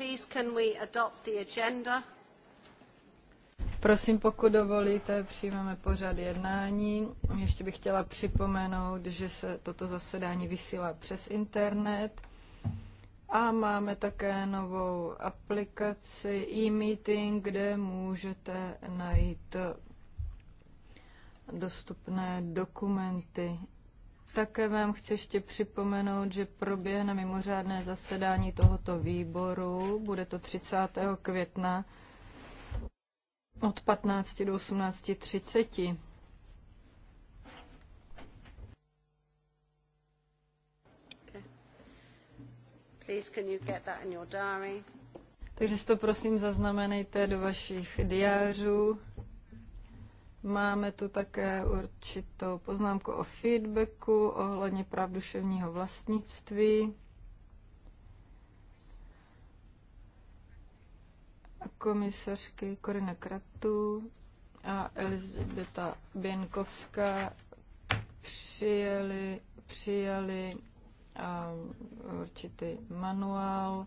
please can we adopt the agenda? Prosím, pokud dovolíte, přijmeme pořad jednání. Ještě bych chtěla připomenout, že se toto zasedání vysílá přes internet. A máme také novou aplikaci e-meeting, kde můžete najít dostupné dokumenty také vám chci ještě připomenout, že proběhne mimořádné zasedání tohoto výboru. Bude to 30. května od 15 do 18.30. Takže si to prosím zaznamenejte do vašich diářů. Máme tu také určitou poznámku o feedbacku ohledně práv duševního vlastnictví. Komisařky Korina Kratu a Elizabeta Běnkovská přijali, přijali um, určitý manuál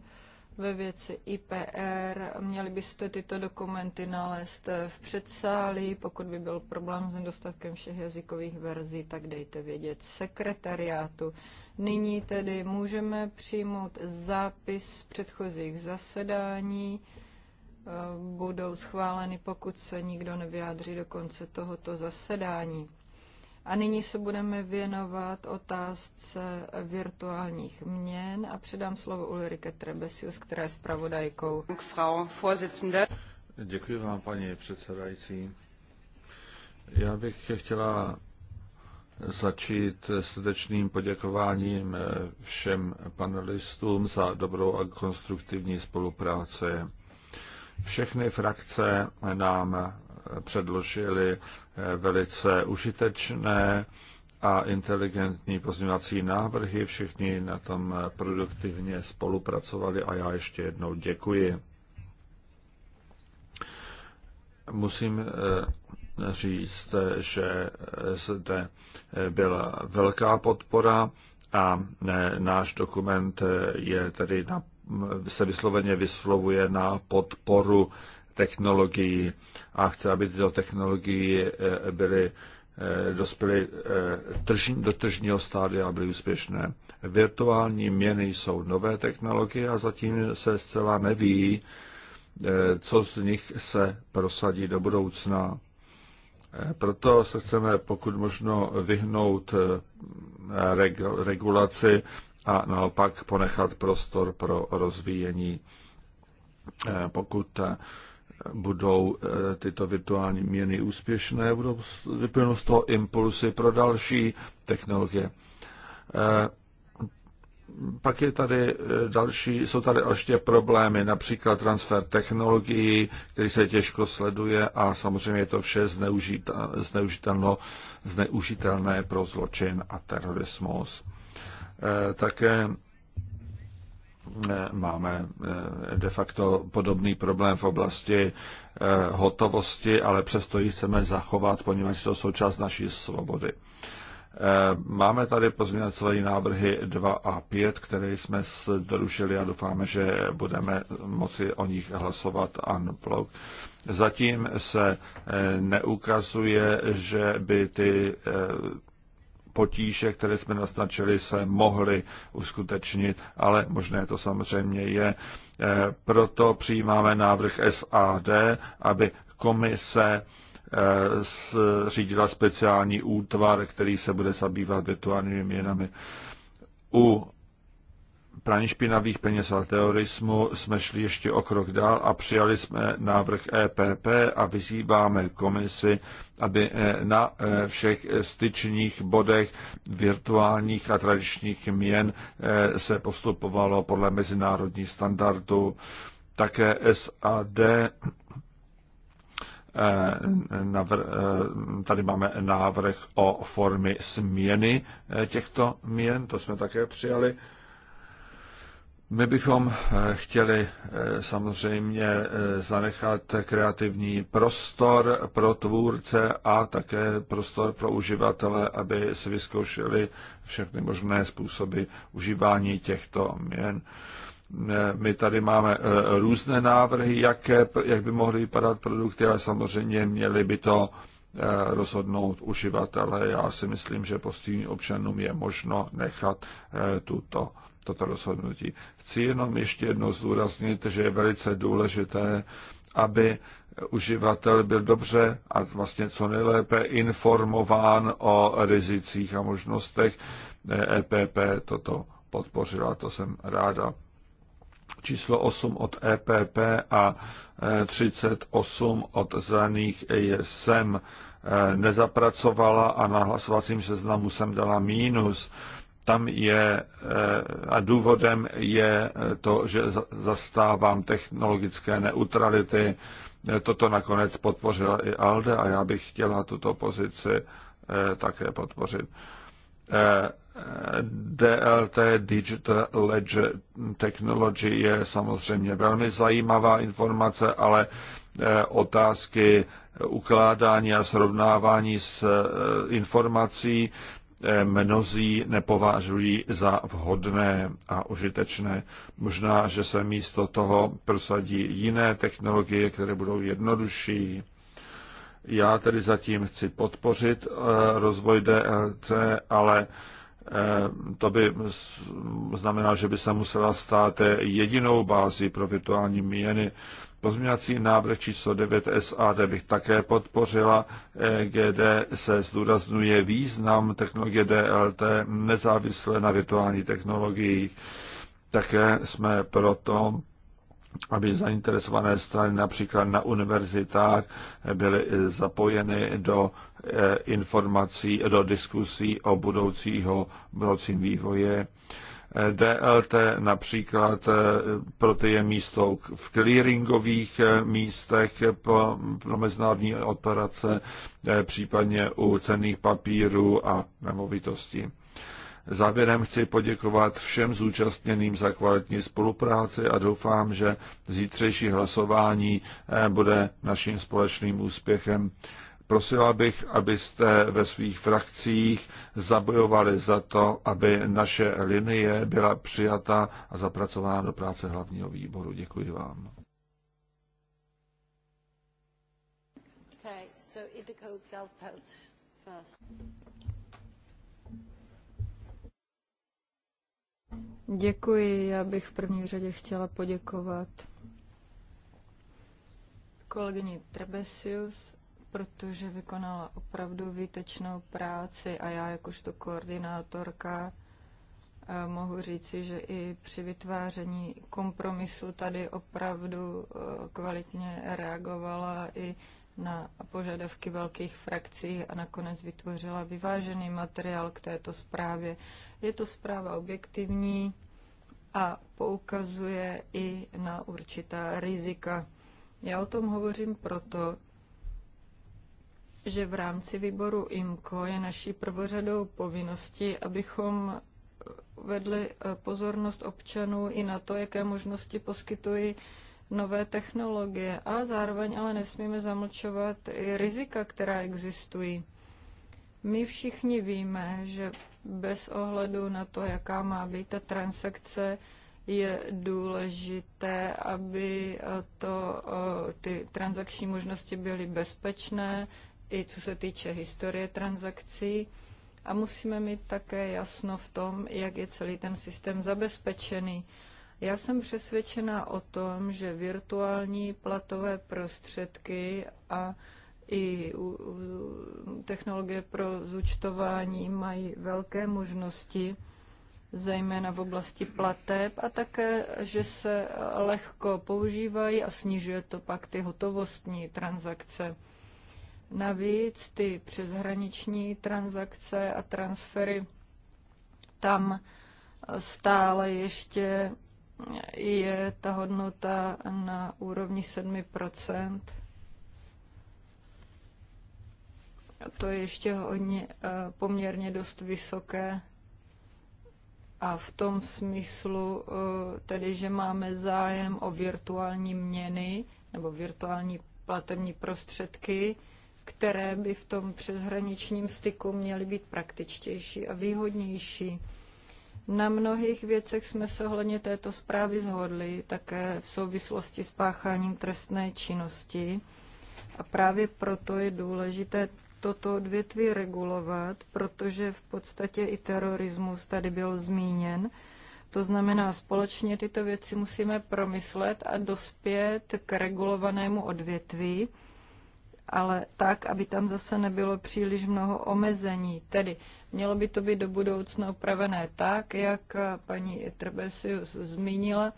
ve věci IPR. Měli byste tyto dokumenty nalézt v předsálí. Pokud by byl problém s nedostatkem všech jazykových verzí, tak dejte vědět sekretariátu. Nyní tedy můžeme přijmout zápis z předchozích zasedání. Budou schváleny, pokud se nikdo nevyjádří do konce tohoto zasedání. A nyní se budeme věnovat otázce virtuálních měn a předám slovo Ulrike Trebesius, která je zpravodajkou. Děkuji vám, paní předsedající. Já bych chtěla začít srdečným poděkováním všem panelistům za dobrou a konstruktivní spolupráci. Všechny frakce nám předložily velice užitečné a inteligentní pozměňovací návrhy. Všichni na tom produktivně spolupracovali a já ještě jednou děkuji. Musím eh, říct, že zde byla velká podpora a eh, náš dokument eh, je tedy na, se vysloveně vyslovuje na podporu technologií a chce, aby tyto technologie eh, byly eh, dospěly eh, tržní, do tržního stádia a byly úspěšné. Virtuální měny jsou nové technologie a zatím se zcela neví, co z nich se prosadí do budoucna. Proto se chceme pokud možno vyhnout regulaci a naopak ponechat prostor pro rozvíjení. Pokud budou eh, tyto virtuální měny úspěšné, budou vyplnout z toho impulsy pro další technologie. Eh, pak je tady eh, další, jsou tady ještě problémy, například transfer technologií, který se těžko sleduje a samozřejmě je to vše zneužitelno, zneužitelné pro zločin a terorismus. Také máme eh, de facto podobný problém v oblasti eh, hotovosti, ale přesto ji chceme zachovat, poněvadž to jsou část naší svobody. Eh, máme tady pozměňovací návrhy 2 a 5, které jsme zdrušili a doufáme, že budeme moci o nich hlasovat unblock. Zatím se neukazuje, že by ty potíže, které jsme naznačili, se mohly uskutečnit, ale možné to samozřejmě je. Eh, proto přijímáme návrh SAD, aby komise eh, zřídila speciální útvar, který se bude zabývat virtuálními měnami. U praní špinavých peněz a terorismu jsme šli ještě o krok dál a přijali jsme návrh EPP a vyzýváme komisi, aby eh, na eh, všech styčních bodech virtuálních a tradičních měn eh, se postupovalo podle mezinárodních standardů. Také SAD tady máme návrh o formy směny těchto měn, to jsme také přijali. My bychom eh, chtěli eh, samozřejmě eh, zanechat kreativní prostor pro tvůrce a také prostor pro uživatele, aby si vyzkoušeli všechny možné způsoby užívání těchto měn. My tady máme různé návrhy, jaké, jak by mohly vypadat produkty, ale samozřejmě měli by to rozhodnout uživatele. Já si myslím, že postiženým občanům je možno nechat tuto toto rozhodnutí. Chci jenom ještě jednou zdůraznit, že je velice důležité, aby uživatel byl dobře a vlastně co nejlépe informován o rizicích a možnostech. EPP toto podpořila, to jsem ráda. Číslo 8 od EPP a 38 e, od zelených je sem e, nezapracovala a na hlasovacím seznamu jsem dala mínus tam je eh, a důvodem je to, že zastávám technologické neutrality. Toto nakonec podpořila i ALDE a já bych chtěla tuto pozici eh, také podpořit. Eh, DLT Digital Ledger Technology je samozřejmě velmi zajímavá informace, ale otázky ukládání a srovnávání s informací mnozí nepovážují za vhodné a užitečné. Možná, že se místo toho prosadí jiné technologie, které budou jednodušší. Já tedy zatím chci podpořit eh, rozvoj DLT, ale eh, to by znamenalo, že by se musela stát eh, jedinou bází pro virtuální měny. Pozměňovací návrh číslo 9 SAD bych také podpořila. E GD se zdůrazňuje význam technologie DLT nezávisle na virtuální technologiích. Také jsme proto, aby zainteresované strany například na univerzitách byly zapojeny do e, informací, do diskusí o budoucího, budoucím vývoje DLT například eh, pro ty je místo v clearingových eh, místech pro, pro mezinárodní operace, eh, případně u cených papírů a nemovitostí. Závěrem chci poděkovat všem zúčastněným za kvalitní spolupráci a doufám, že zítřejší hlasování bude naším společným úspěchem. Prosila bych, abyste ve svých frakcích zabojovali za to, aby naše linie byla přijata a zapracována do práce hlavního výboru. Děkuji vám. Děkuji, já bych v první řadě chtěla poděkovat kolegyni Trebesius protože vykonala opravdu výtečnou práci a já jakožto koordinátorka eh, mohu říci, že i při vytváření kompromisu tady opravdu eh, kvalitně reagovala i na požadavky velkých frakcí a nakonec vytvořila vyvážený materiál k této zprávě. Je to zpráva objektivní a poukazuje i na určitá rizika. Já o tom hovořím proto, že v rámci výboru IMCO je naší prvořadou povinnosti, abychom vedli eh, pozornost občanů i na to, jaké možnosti poskytují nové technologie a zároveň ale nesmíme zamlčovat i rizika, která existují. My všichni víme, že bez ohledu na to, jaká má být ta transakce, je důležité, aby eh, to, eh, ty transakční možnosti byly bezpečné, i co se týče historie transakcí a musíme mít také jasno v tom, jak je celý ten systém zabezpečený. Já jsem přesvědčená o tom, že virtuální platové prostředky a i technologie pro zúčtování mají velké možnosti, zejména v oblasti plateb, a také, že se lehko používají a snižuje to pak ty hotovostní transakce. Navíc ty přeshraniční transakce a transfery tam stále ještě je ta hodnota na úrovni 7%. A to je ještě hodně, eh, poměrně dost vysoké. A v tom smyslu, eh, tedy, že máme zájem o virtuální měny nebo virtuální platební prostředky, které by v tom přeshraničním styku měly být praktičtější a výhodnější. Na mnohých věcech jsme se ohledně této zprávy zhodli, také v souvislosti s pácháním trestné činnosti. A právě proto je důležité toto odvětví regulovat, protože v podstatě i terorismus tady byl zmíněn. To znamená, společně tyto věci musíme promyslet a dospět k regulovanému odvětví, ale tak, aby tam zase nebylo příliš mnoho omezení. Tedy mělo by to být do budoucna upravené tak, jak paní Trbesius zmínila,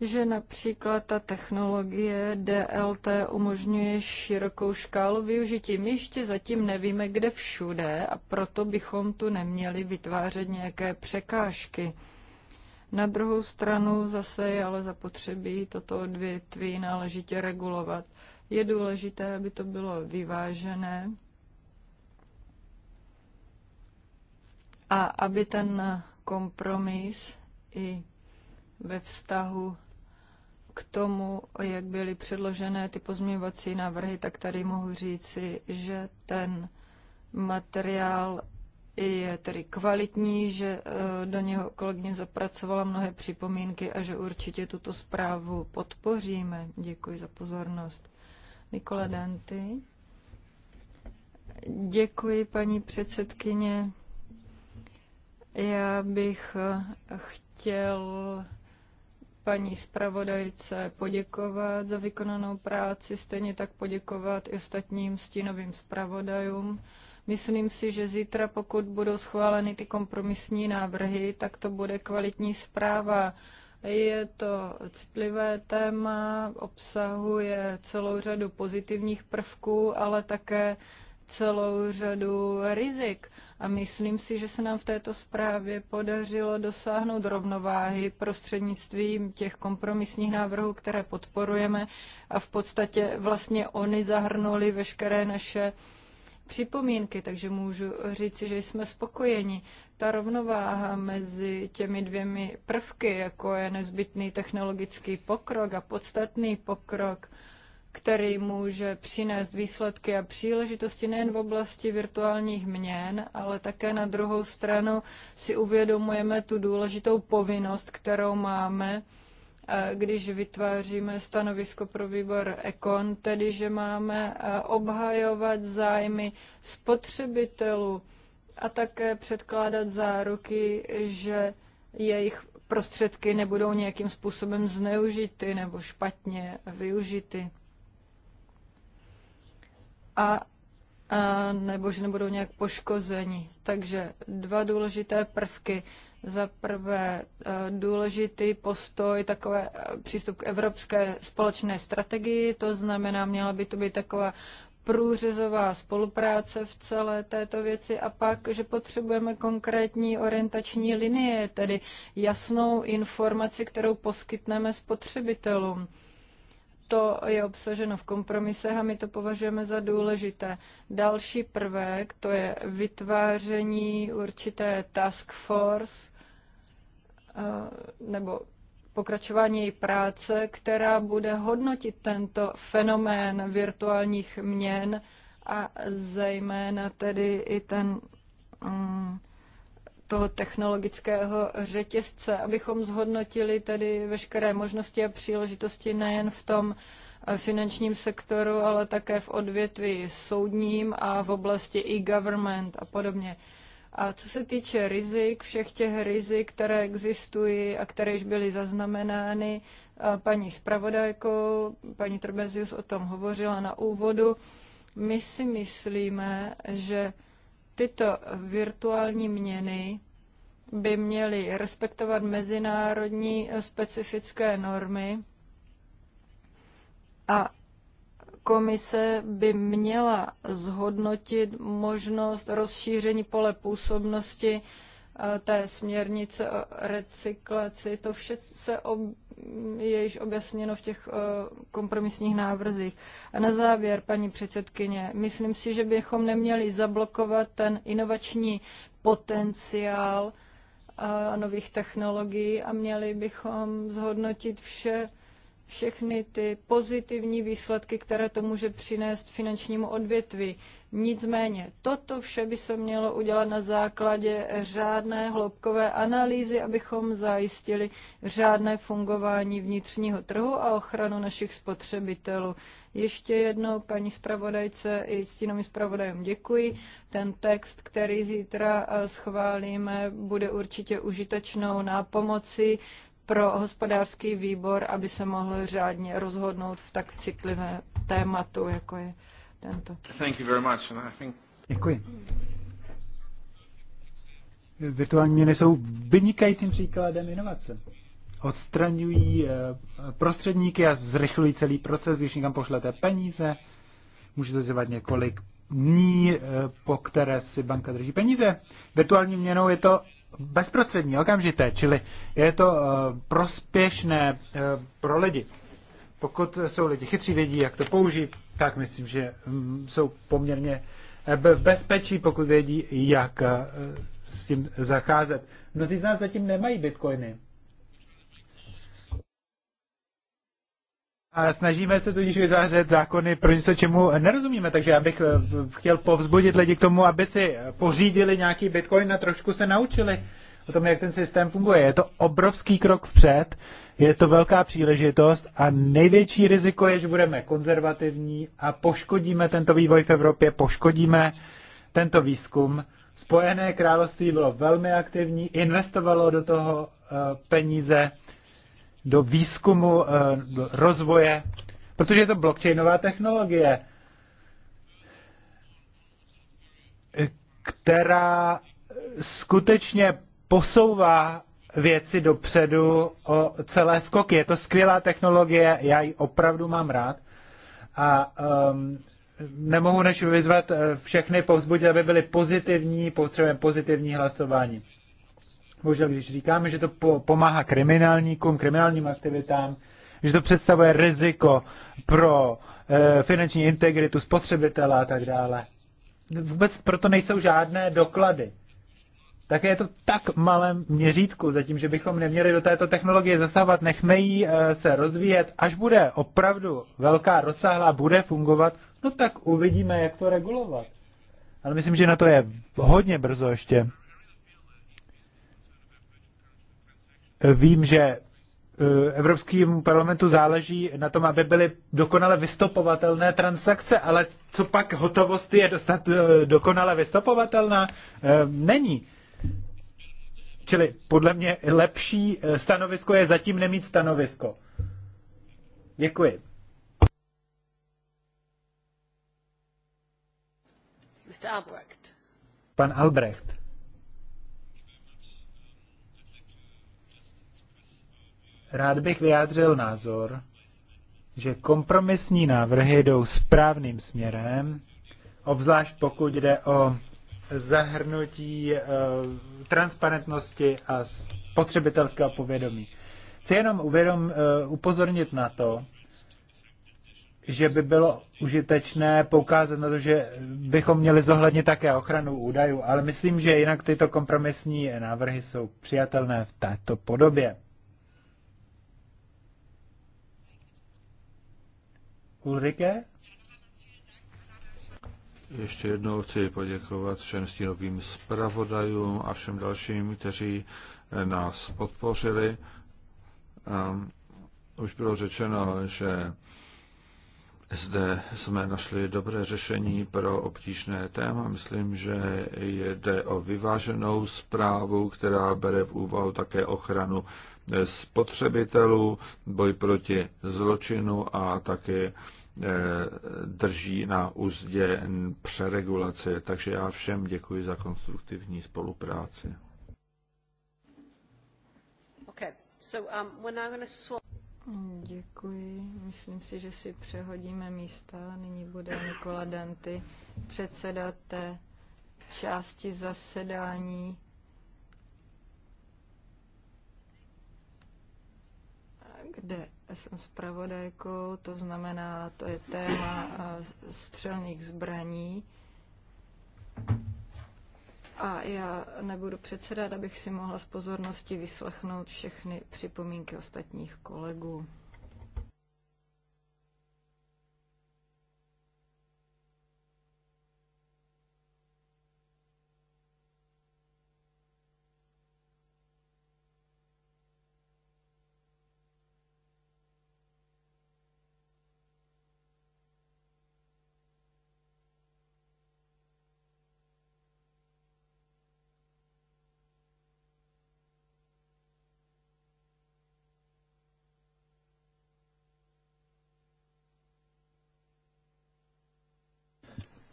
že například ta technologie DLT umožňuje širokou škálu využití. My ještě zatím nevíme, kde všude a proto bychom tu neměli vytvářet nějaké překážky. Na druhou stranu zase je ale zapotřebí toto odvětví náležitě regulovat. Je důležité, aby to bylo vyvážené a aby ten kompromis i ve vztahu k tomu, jak byly předložené ty pozměňovací návrhy, tak tady mohu říci, že ten materiál je tedy kvalitní, že eh, do něho kolegyně zapracovala mnohé připomínky a že určitě tuto zprávu podpoříme. Děkuji za pozornost. Nikola Danty. Děkuji, paní předsedkyně. Já bych eh, chtěl paní zpravodajce poděkovat za vykonanou práci, stejně tak poděkovat i ostatním stínovým zpravodajům. Myslím si, že zítra, pokud budou schváleny ty kompromisní návrhy, tak to bude kvalitní zpráva. Je to citlivé téma, obsahuje celou řadu pozitivních prvků, ale také celou řadu rizik. A myslím si, že se nám v této zprávě podařilo dosáhnout rovnováhy prostřednictvím těch kompromisních návrhů, které podporujeme. A v podstatě vlastně oni zahrnuli veškeré naše uh, připomínky, takže můžu říci, že jsme spokojeni. Ta rovnováha mezi těmi dvěmi prvky, jako je nezbytný technologický pokrok a podstatný pokrok, který může přinést výsledky a příležitosti nejen v oblasti virtuálních měn, ale také na druhou stranu si uvědomujeme tu důležitou povinnost, kterou máme když vytváříme stanovisko pro výbor Ekon, tedy že máme obhajovat zájmy spotřebitelů a také předkládat záruky, že jejich prostředky nebudou nějakým způsobem zneužity nebo špatně využity. A, a nebo že nebudou nějak poškozeni. Takže dva důležité prvky. Za prvé eh, důležitý postoj, takové eh, přístup k evropské společné strategii, to znamená, měla by to být taková průřezová spolupráce v celé této věci a pak, že potřebujeme konkrétní orientační linie, tedy jasnou informaci, kterou poskytneme spotřebitelům to je obsaženo v kompromisech a my to považujeme za důležité. Další prvek, to je vytváření určité task force eh, nebo pokračování její práce, která bude hodnotit tento fenomén virtuálních měn a zejména tedy i ten um, toho technologického řetězce, abychom zhodnotili tedy veškeré možnosti a příležitosti nejen v tom eh, finančním sektoru, ale také v odvětví soudním a v oblasti e-government a podobně. A co se týče rizik, všech těch rizik, které existují a které již byly zaznamenány eh, paní zpravodajkou, paní Trbezius o tom hovořila na úvodu, my si myslíme, že tyto virtuální měny by měly respektovat mezinárodní specifické normy a komise by měla zhodnotit možnost rozšíření pole působnosti eh, té směrnice o recyklaci. To vše se ob je již objasněno v těch eh, kompromisních návrzích. A na závěr, paní předsedkyně, myslím si, že bychom neměli zablokovat ten inovační potenciál eh, nových technologií a měli bychom zhodnotit vše, všechny ty pozitivní výsledky, které to může přinést finančnímu odvětví. Nicméně, toto vše by se mělo udělat na základě řádné hloubkové analýzy, abychom zajistili řádné fungování vnitřního trhu a ochranu našich spotřebitelů. Ještě jednou paní zpravodajce i stínovým zpravodajům děkuji. Ten text, který zítra eh, schválíme, bude určitě užitečnou nápomocí pro hospodářský výbor, aby se mohl řádně rozhodnout v tak citlivé tématu, jako je tento. Thank you very much. And I think... Děkuji. Virtuální měny jsou vynikajícím příkladem inovace. Odstraňují eh, prostředníky a zrychlují celý proces, když někam pošlete peníze. Může to trvat několik dní, eh, po které si banka drží peníze. Virtuální měnou je to bezprostřední, okamžité, čili je to eh, prospěšné eh, pro lidi. Pokud jsou lidi chytří, vědí, jak to použít, tak myslím, že mm, jsou poměrně v eh, bezpečí, pokud vědí, jak s tím zacházet. Mnozí z nás zatím nemají bitcoiny. A snažíme se tudíž vytvářet zákony pro něco, čemu nerozumíme. Takže já bych eh, chtěl povzbudit lidi k tomu, aby si pořídili nějaký bitcoin a trošku se naučili o tom, jak ten systém funguje. Je to obrovský krok vpřed, je to velká příležitost a největší riziko je, že budeme konzervativní a poškodíme tento vývoj v Evropě, poškodíme tento výzkum. Spojené království bylo velmi aktivní, investovalo do toho eh, peníze, do výzkumu, eh, do rozvoje, protože je to blockchainová technologie, která skutečně posouvá věci dopředu o celé skoky. Je to skvělá technologie, já ji opravdu mám rád. A um, nemohu než vyzvat eh, všechny povzbudit, aby byli pozitivní, potřebujeme pozitivní hlasování. Bohužel, když říkáme, že to pomáhá kriminálníkům, kriminálním aktivitám, že to představuje riziko pro e, finanční integritu spotřebitele a tak dále. Vůbec proto nejsou žádné doklady. Také je to tak malém měřítku, zatím, že bychom neměli do této technologie zasávat, nechme jí e, se rozvíjet. Až bude opravdu velká, rozsáhlá, bude fungovat, no tak uvidíme, jak to regulovat. Ale myslím, že na to je hodně brzo ještě. Vím, že eh, Evropskému parlamentu záleží na tom, aby byly dokonale vystopovatelné transakce, ale co pak hotovost je dostat eh, dokonale vystopovatelná? Eh, není. Čili podle mě lepší stanovisko je zatím nemít stanovisko. Děkuji. Pan Albrecht. Rád bych vyjádřil názor, že kompromisní návrhy jdou správným směrem, obzvlášť pokud jde o zahrnutí uh, transparentnosti a spotřebitelského povědomí. Chci jenom uvědom, uh, upozornit na to, že by bylo užitečné poukázat na to, že bychom měli zohlednit také ochranu údajů, ale myslím, že jinak tyto kompromisní návrhy jsou přijatelné v této podobě. Ulrike? Ještě jednou chci poděkovat všem stínovým zpravodajům a všem dalším, kteří eh, nás podpořili. Ehm, už bylo řečeno, že zde jsme našli dobré řešení pro obtížné téma. Myslím, že jde o vyváženou zprávu, která bere v úvahu také ochranu eh, spotřebitelů, boj proti zločinu a také Eh, drží na úzdě přeregulace. Takže já všem děkuji za konstruktivní spolupráci. Okay. So, um, we're now Děkuji. Myslím si, že si přehodíme místa. Nyní bude Nikola Danty předseda té části zasedání kde jsem zpravodajkou, to znamená, to je téma střelných zbraní. A já nebudu předsedat, abych si mohla z pozornosti vyslechnout všechny připomínky ostatních kolegů.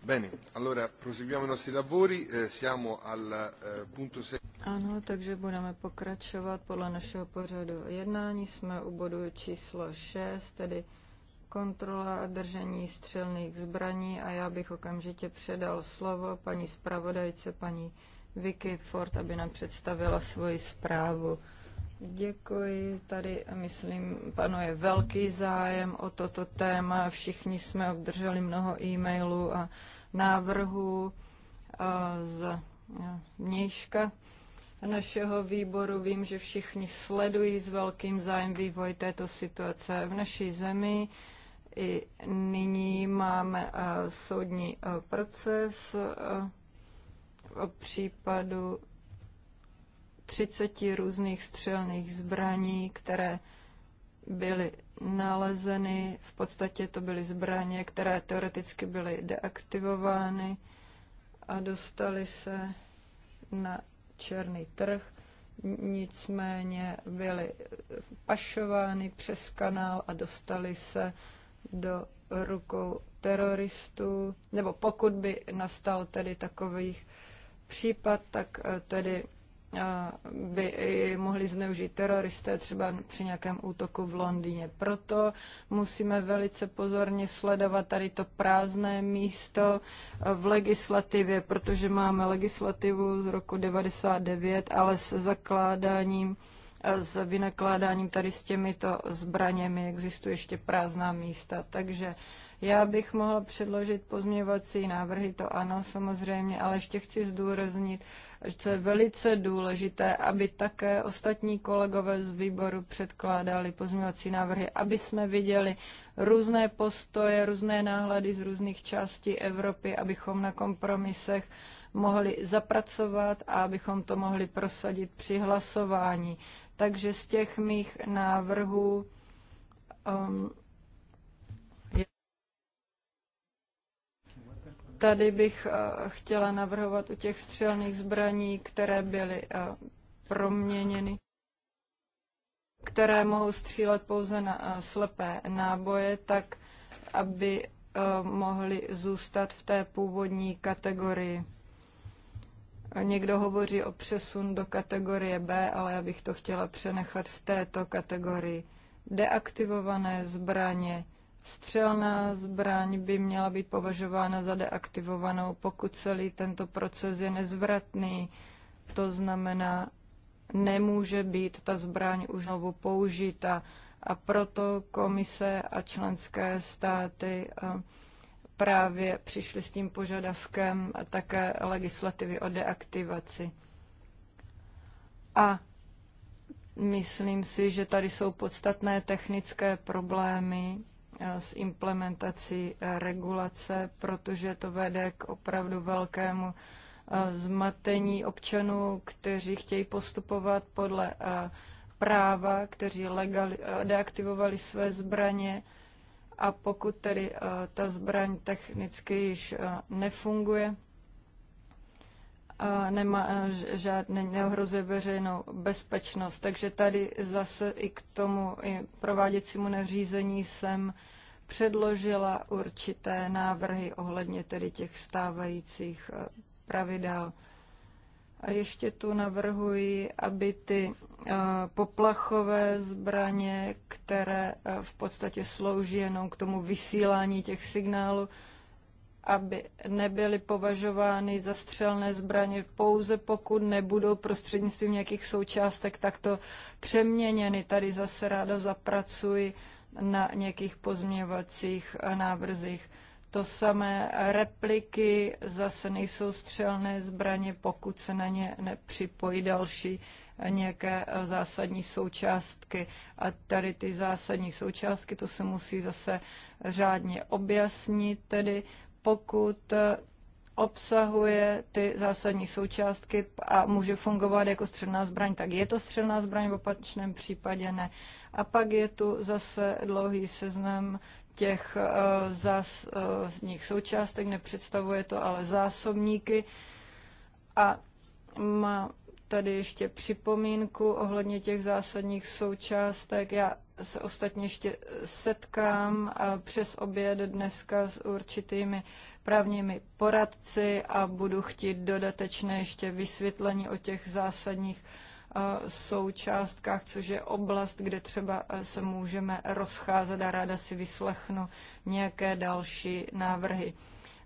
Bene, allora proseguiamo i nostri lavori, eh, siamo al eh, punto 6. Ano, takže budeme pokračovat podle našeho pořadu jednání. Jsme u bodu číslo 6, tedy kontrola a držení střelných zbraní a já bych okamžitě předal slovo paní zpravodajce, paní Vicky Ford, aby nám představila svoji zprávu. Děkuji. Tady, myslím, panuje velký zájem o toto téma. Všichni jsme obdrželi mnoho e-mailů a návrhů eh, z mějška eh, našeho výboru. Vím, že všichni sledují s velkým zájem vývoj této situace v naší zemi. I nyní máme eh, soudní proces o případu 30 různých střelných zbraní, které byly nalezeny. V podstatě to byly zbraně, které teoreticky byly deaktivovány a dostaly se na černý trh. Nicméně byly pašovány přes kanál a dostaly se do rukou teroristů, nebo pokud by nastal tedy takových případ, tak eh, tedy by i mohli zneužít teroristé třeba při nějakém útoku v Londýně. Proto musíme velice pozorně sledovat tady to prázdné místo v legislativě, protože máme legislativu z roku 99, ale se zakládáním s vynakládáním tady s těmito zbraněmi existují ještě prázdná místa. Takže já bych mohla předložit pozměňovací návrhy, to ano, samozřejmě, ale ještě chci zdůraznit, že je velice důležité, aby také ostatní kolegové z výboru předkládali pozměňovací návrhy, aby jsme viděli různé postoje, různé náhledy z různých částí Evropy, abychom na kompromisech mohli zapracovat a abychom to mohli prosadit při hlasování. Takže z těch mých návrhů um, Tady bych eh, chtěla navrhovat u těch střelných zbraní, které byly eh, proměněny které mohou střílet pouze na eh, slepé náboje, tak aby mohly zůstat v té původní kategorii. Někdo hovoří o přesun do kategorie B, ale já bych to chtěla přenechat v této kategorii. Deaktivované zbraně Střelná zbraň by měla být považována za deaktivovanou, pokud celý tento proces je nezvratný. To znamená, nemůže být ta zbraň už znovu použita. A proto komise a členské státy eh, právě přišly s tím požadavkem také legislativy o deaktivaci. A myslím si, že tady jsou podstatné technické problémy, Eh, s implementací eh, regulace, protože to vede k opravdu velkému eh, zmatení občanů, kteří chtějí postupovat podle práva, kteří legali, deaktivovali své zbraně a pokud tedy ta zbraň technicky již nefunguje, nemá, žádné, neohrozuje veřejnou bezpečnost. Takže tady zase i k tomu i prováděcímu nařízení jsem předložila určité návrhy ohledně tedy těch stávajících e, pravidel. A ještě tu navrhuji, aby ty e, poplachové zbraně, které e, v podstatě slouží jenom k tomu vysílání těch signálů, aby nebyly považovány za střelné zbraně pouze pokud nebudou prostřednictvím nějakých součástek takto přeměněny. Tady zase ráda zapracuji na nějakých pozměvacích návrzích. To samé repliky zase nejsou střelné zbraně, pokud se na ně nepřipojí další nějaké zásadní součástky. A tady ty zásadní součástky, to se musí zase řádně objasnit tedy pokud eh, obsahuje ty zásadní součástky a může fungovat jako střelná zbraň, tak je to střelná zbraň, v opačném případě ne. A pak je tu zase dlouhý seznam těch eh, zás, eh, z nich součástek, nepředstavuje to ale zásobníky. A má tady ještě připomínku ohledně těch zásadních součástek. Já se ostatně ještě setkám přes oběd dneska s určitými právními poradci a budu chtít dodatečné ještě vysvětlení o těch zásadních součástkách, což je oblast, kde třeba se můžeme rozcházet a ráda si vyslechnu nějaké další návrhy.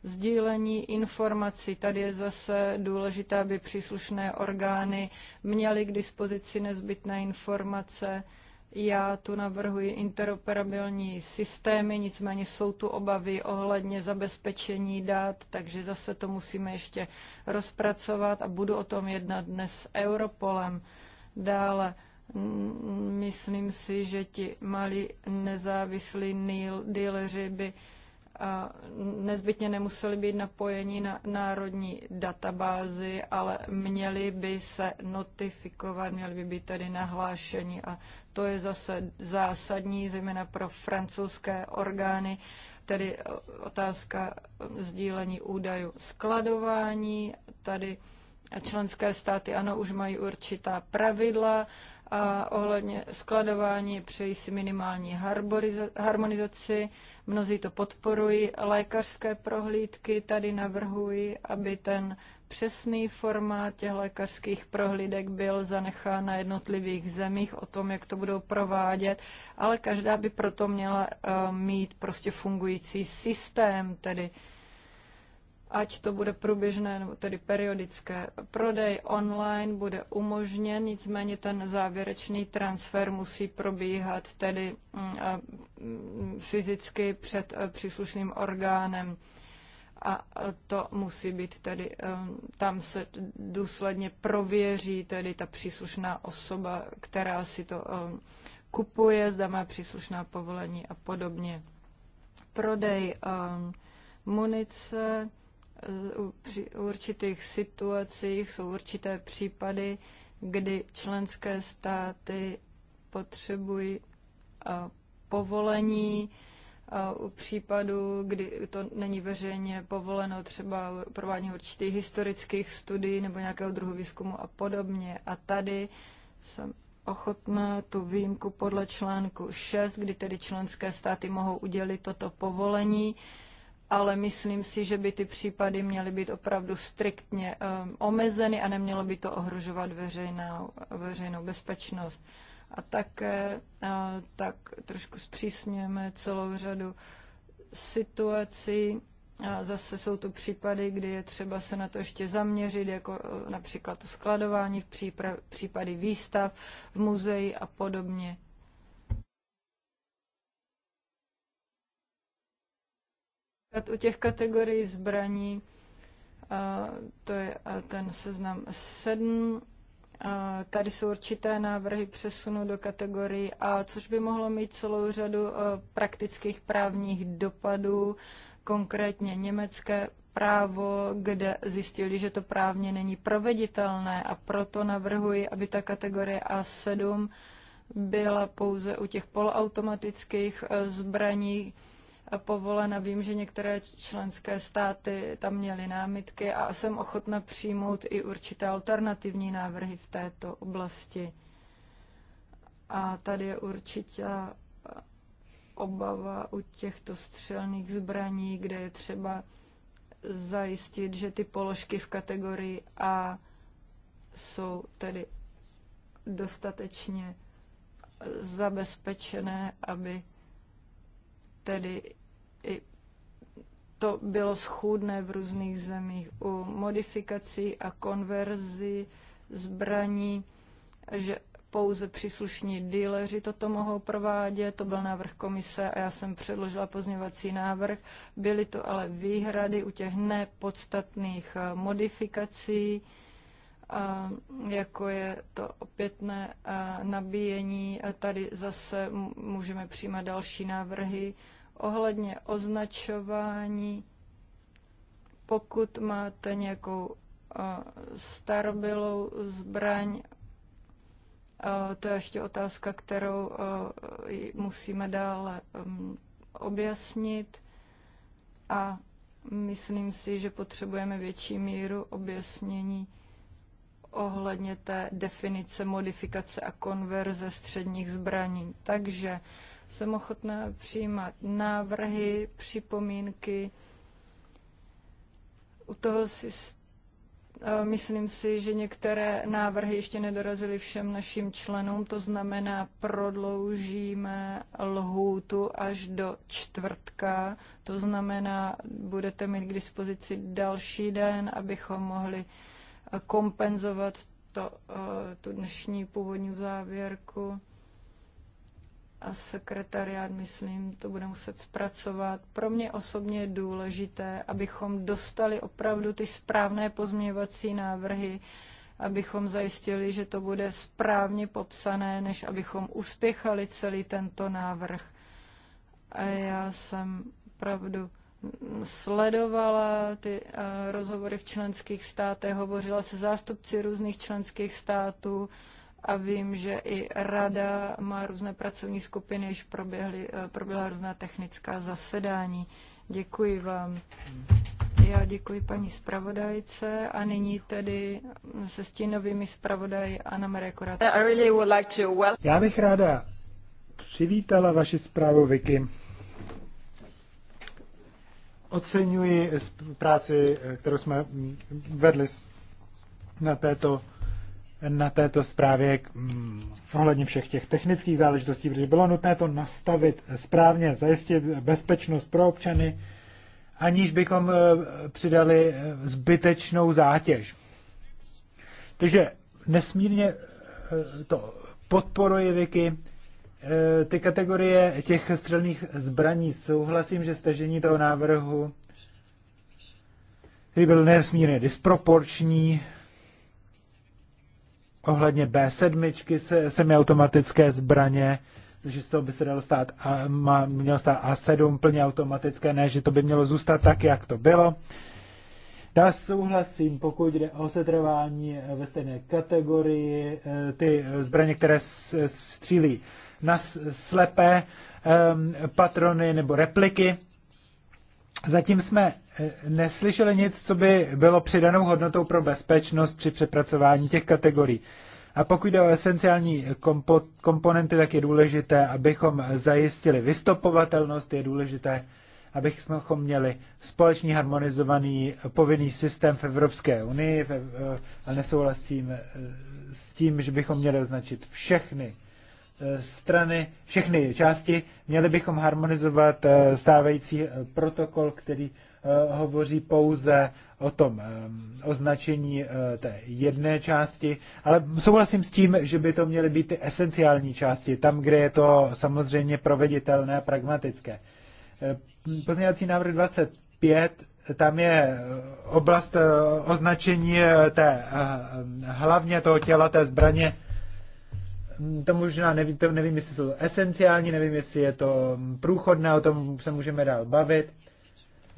Sdílení informací. Tady je zase důležité, aby příslušné orgány měly k dispozici nezbytné informace já tu navrhuji interoperabilní systémy, nicméně jsou tu obavy ohledně zabezpečení dat, takže zase to musíme ještě rozpracovat a budu o tom jednat dnes s Europolem. Dále myslím si, že ti malí nezávislí dealeri by nezbytně nemuseli být napojeni na národní databázy, ale měli by se notifikovat, měli by být tedy nahlášeni a to je zase zásadní, zejména pro francouzské orgány, tedy otázka sdílení údajů skladování, tady členské státy ano, už mají určitá pravidla, a ohledně skladování přeji si minimální harmonizaci. Mnozí to podporují. Lékařské prohlídky tady navrhuji, aby ten přesný formát těch lékařských prohlídek byl zanechán na jednotlivých zemích o tom, jak to budou provádět, ale každá by proto měla eh, mít prostě fungující systém, tedy ať to bude průběžné nebo tedy periodické. Prodej online bude umožněn, nicméně ten závěrečný transfer musí probíhat tedy mm, mm, fyzicky před e, příslušným orgánem a to musí být tedy, e, tam se důsledně prověří tedy ta příslušná osoba, která si to e, kupuje, zda má příslušná povolení a podobně. Prodej munice, při určitých situacích jsou určité případy, kdy členské státy potřebují povolení u případu, kdy to není veřejně povoleno, třeba provádění určitých historických studií nebo nějakého druhu výzkumu a podobně. A tady jsem ochotná tu výjimku podle článku 6, kdy tedy členské státy mohou udělit toto povolení, ale myslím si, že by ty případy měly být opravdu striktně um, omezeny a nemělo by to ohrožovat veřejnou, veřejnou bezpečnost. A také uh, eh, tak trošku zpřísňujeme celou řadu situací. A zase jsou tu případy, kdy je třeba se na to ještě zaměřit, jako eh, například to skladování v případy výstav v muzeji a podobně. u těch kategorií zbraní, to je ten seznam 7, Tady jsou určité návrhy přesunu do kategorii A, což by mohlo mít celou řadu praktických právních dopadů, konkrétně německé právo, kde zjistili, že to právně není proveditelné a proto navrhuji, aby ta kategorie A7 byla pouze u těch poloautomatických zbraní, povolena. Vím, že některé členské státy tam měly námitky a jsem ochotna přijmout i určité alternativní návrhy v této oblasti. A tady je určitě obava u těchto střelných zbraní, kde je třeba zajistit, že ty položky v kategorii A jsou tedy dostatečně zabezpečené, aby tedy i to bylo schůdné v různých zemích u modifikací a konverzi zbraní, že pouze příslušní díleři toto mohou provádět, to byl návrh komise a já jsem předložila pozměvací návrh. Byly to ale výhrady u těch nepodstatných eh, modifikací, jako je to opětné eh, nabíjení. Tady zase můžeme přijímat další návrhy ohledně označování, pokud máte nějakou starobilou zbraň, to je ještě otázka, kterou musíme dále um, objasnit a myslím si, že potřebujeme větší míru objasnění ohledně té definice modifikace a konverze středních zbraní. Takže jsem ochotná přijímat návrhy, připomínky. U toho si Myslím si, že některé návrhy ještě nedorazily všem našim členům, to znamená, prodloužíme lhůtu až do čtvrtka, to znamená, budete mít k dispozici další den, abychom mohli eh, kompenzovat to, eh, tu dnešní původní závěrku a sekretariát, myslím, to bude muset zpracovat. Pro mě osobně je důležité, abychom dostali opravdu ty správné pozměňovací návrhy, abychom zajistili, že to bude správně popsané, než abychom uspěchali celý tento návrh. A já jsem opravdu sledovala ty eh, rozhovory v členských státech, hovořila se zástupci různých členských států, a vím, že i rada má různé pracovní skupiny, již proběhly, eh, proběhla různá technická zasedání. Děkuji vám. Já děkuji paní zpravodajce a nyní tedy se stínovými zpravodaji Anna Maria Korát. Já bych ráda přivítala vaši zprávu, Vicky. Oceňuji práci, eh, kterou jsme mm, vedli na této na této zprávě mm, ohledně všech těch technických záležitostí, protože bylo nutné to nastavit správně, zajistit bezpečnost pro občany, aniž bychom e, přidali e, zbytečnou zátěž. Takže nesmírně e, to podporuje Vicky. Ty kategorie těch střelných zbraní souhlasím, že stažení toho návrhu, který byl nesmírně disproporční, ohledně B7, se, semiautomatické zbraně, že z toho by se dalo stát, a, má, mělo stát A7 plně automatické, ne, že to by mělo zůstat tak, jak to bylo. Já souhlasím, pokud jde o setrvání ve stejné kategorii, eh, ty zbraně, které střílí na slepé ehm, patrony nebo repliky. Zatím jsme neslyšeli nic, co by bylo přidanou hodnotou pro bezpečnost při přepracování těch kategorií. A pokud jde o esenciální kompo- komponenty, tak je důležité, abychom zajistili vystopovatelnost, je důležité, abychom měli společný harmonizovaný povinný systém v Evropské unii, ale nesouhlasím eh, s tím, že bychom měli označit všechny eh, strany, všechny části. Měli bychom harmonizovat eh, stávající protokol, který Eh, hovoří pouze o tom eh, označení eh, té jedné části, ale souhlasím s tím, že by to měly být ty esenciální části, tam, kde je to samozřejmě proveditelné a pragmatické. Pozměňovací návrh 25, tam je oblast označení té hlavně toho těla, té zbraně, hmm, to možná nevím, to nevím, jestli jsou to esenciální, nevím, jestli je to hm, průchodné, o tom se můžeme dál bavit.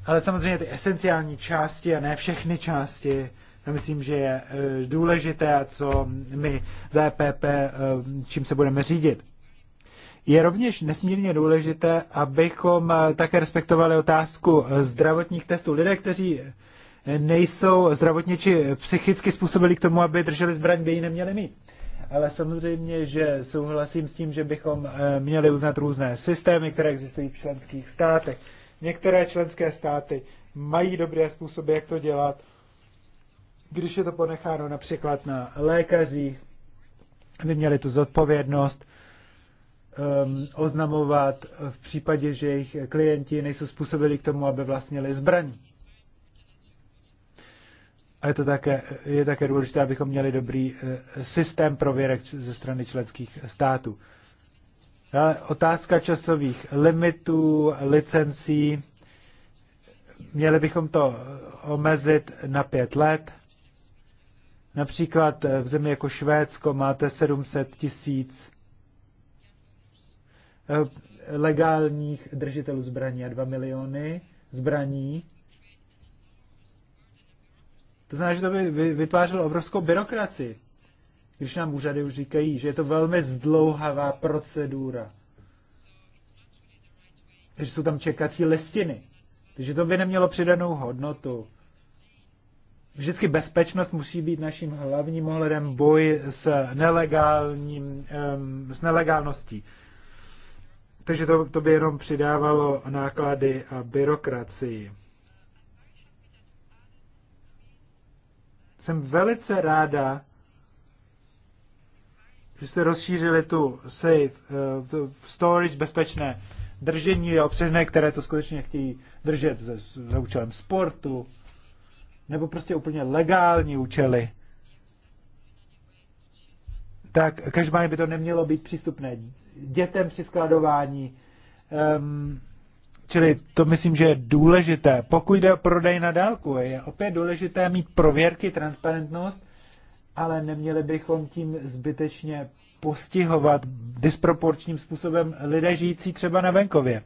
Ale samozřejmě ty esenciální části a ne všechny části, myslím, že je eh, důležité a co my za EPP, eh, čím se budeme řídit. Je rovněž nesmírně důležité, abychom eh, také respektovali otázku zdravotních testů. Lidé, kteří nejsou zdravotně či psychicky způsobili k tomu, aby drželi zbraň, by ji neměli mít. Ale samozřejmě, že souhlasím s tím, že bychom měli uznat různé systémy, které existují v členských státech. Některé členské státy mají dobré způsoby, jak to dělat, když je to ponecháno například na lékařích, aby měli tu zodpovědnost um, oznamovat v případě, že jejich klienti nejsou způsobili k tomu, aby vlastnili zbraň. A je to také, je také důležité, abychom měli dobrý eh, systém prověrek ze strany členských států otázka časových limitů, licencí. Měli bychom to omezit na pět let. Například v zemi jako Švédsko máte 700 tisíc eh, legálních držitelů zbraní a 2 miliony zbraní. To znamená, že to by vytvářelo obrovskou byrokracii když nám úřady už říkají, že je to velmi zdlouhavá procedura. Takže jsou tam čekací listiny. Takže to by nemělo přidanou hodnotu. Vždycky bezpečnost musí být naším hlavním ohledem boj s, nelegálním, s nelegálností. Takže to, to by jenom přidávalo náklady a byrokracii. Jsem velice ráda, že jste rozšířili tu safe, eh, tu storage, bezpečné držení a obsažené, které to skutečně chtějí držet ze, za účelem sportu, nebo prostě úplně legální účely. Tak každopádně by to nemělo být přístupné dětem při skladování. Um, čili to myslím, že je důležité. Pokud jde o prodej na dálku, je opět důležité mít prověrky, transparentnost ale neměli bychom tím zbytečně postihovat disproporčním způsobem lidé žijící třeba na venkově.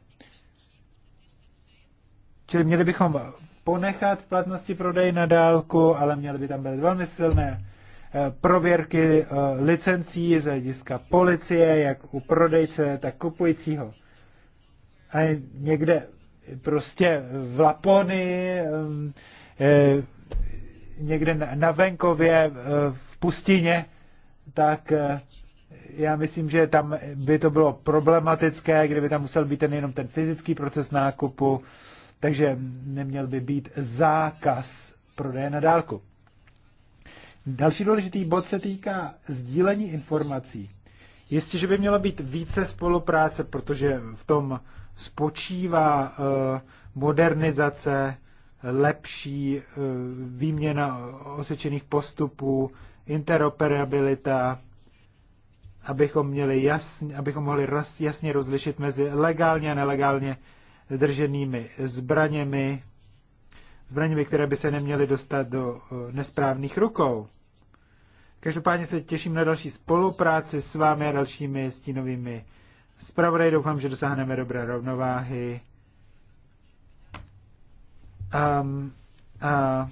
Čili měli bychom ponechat v platnosti prodej na dálku, ale měly by tam být velmi silné eh, prověrky eh, licencí z hlediska policie, jak u prodejce, tak kupujícího. A někde prostě v Laponii eh, někde na venkově, eh, v pustině, tak eh, já myslím, že tam by to bylo problematické, kdyby tam musel být ten jenom ten fyzický proces nákupu, takže neměl by být zákaz prodeje na dálku. Další důležitý bod se týká sdílení informací. Jistě, že by mělo být více spolupráce, protože v tom spočívá eh, modernizace lepší eh, výměna osvědčených postupů, interoperabilita, abychom, měli jasně, abychom mohli jasně rozlišit mezi legálně a nelegálně drženými zbraněmi, zbraněmi, které by se neměly dostat do eh, nesprávných rukou. Každopádně se těším na další spolupráci s vámi a dalšími stínovými zpravodaji. Doufám, že dosáhneme dobré rovnováhy Um, a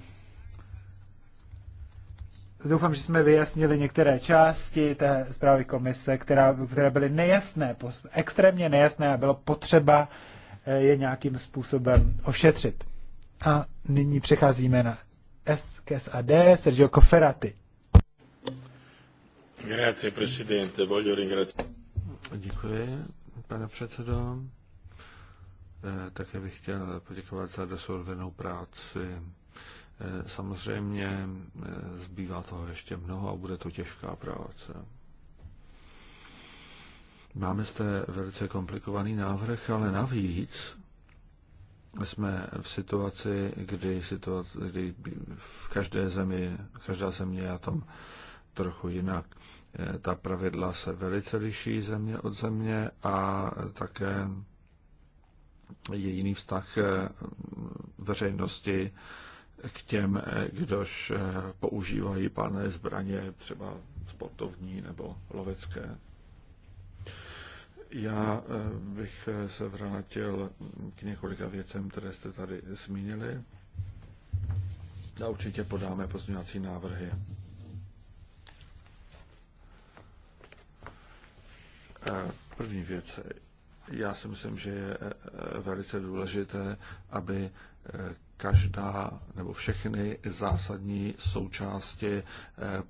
doufám, že jsme vyjasnili některé části té zprávy komise, která, které byly nejasné, extrémně nejasné a bylo potřeba eh, je nějakým způsobem ošetřit. A nyní přecházíme na S, KES a D, Sergio Coferati. Grazie, presidente. Voglio ringraziare. Děkuji, pane předsedo. Eh, také bych chtěl poděkovat za desordenou práci. Eh, samozřejmě eh, zbývá toho ještě mnoho a bude to těžká práce. Máme zde velice komplikovaný návrh, ale navíc jsme v situaci, kdy, situace, kdy v každé zemi, každá země je tom trochu jinak. Ta pravidla se velice liší země od země a také je jiný vztah eh, veřejnosti k těm, eh, kdož eh, používají palné zbraně, třeba sportovní nebo lovecké. Já bych se vrátil k několika věcem, které jste tady zmínili. A určitě podáme pozměňovací návrhy. První věc já si myslím, že je eh, eh, velice důležité, aby eh, každá nebo všechny zásadní součásti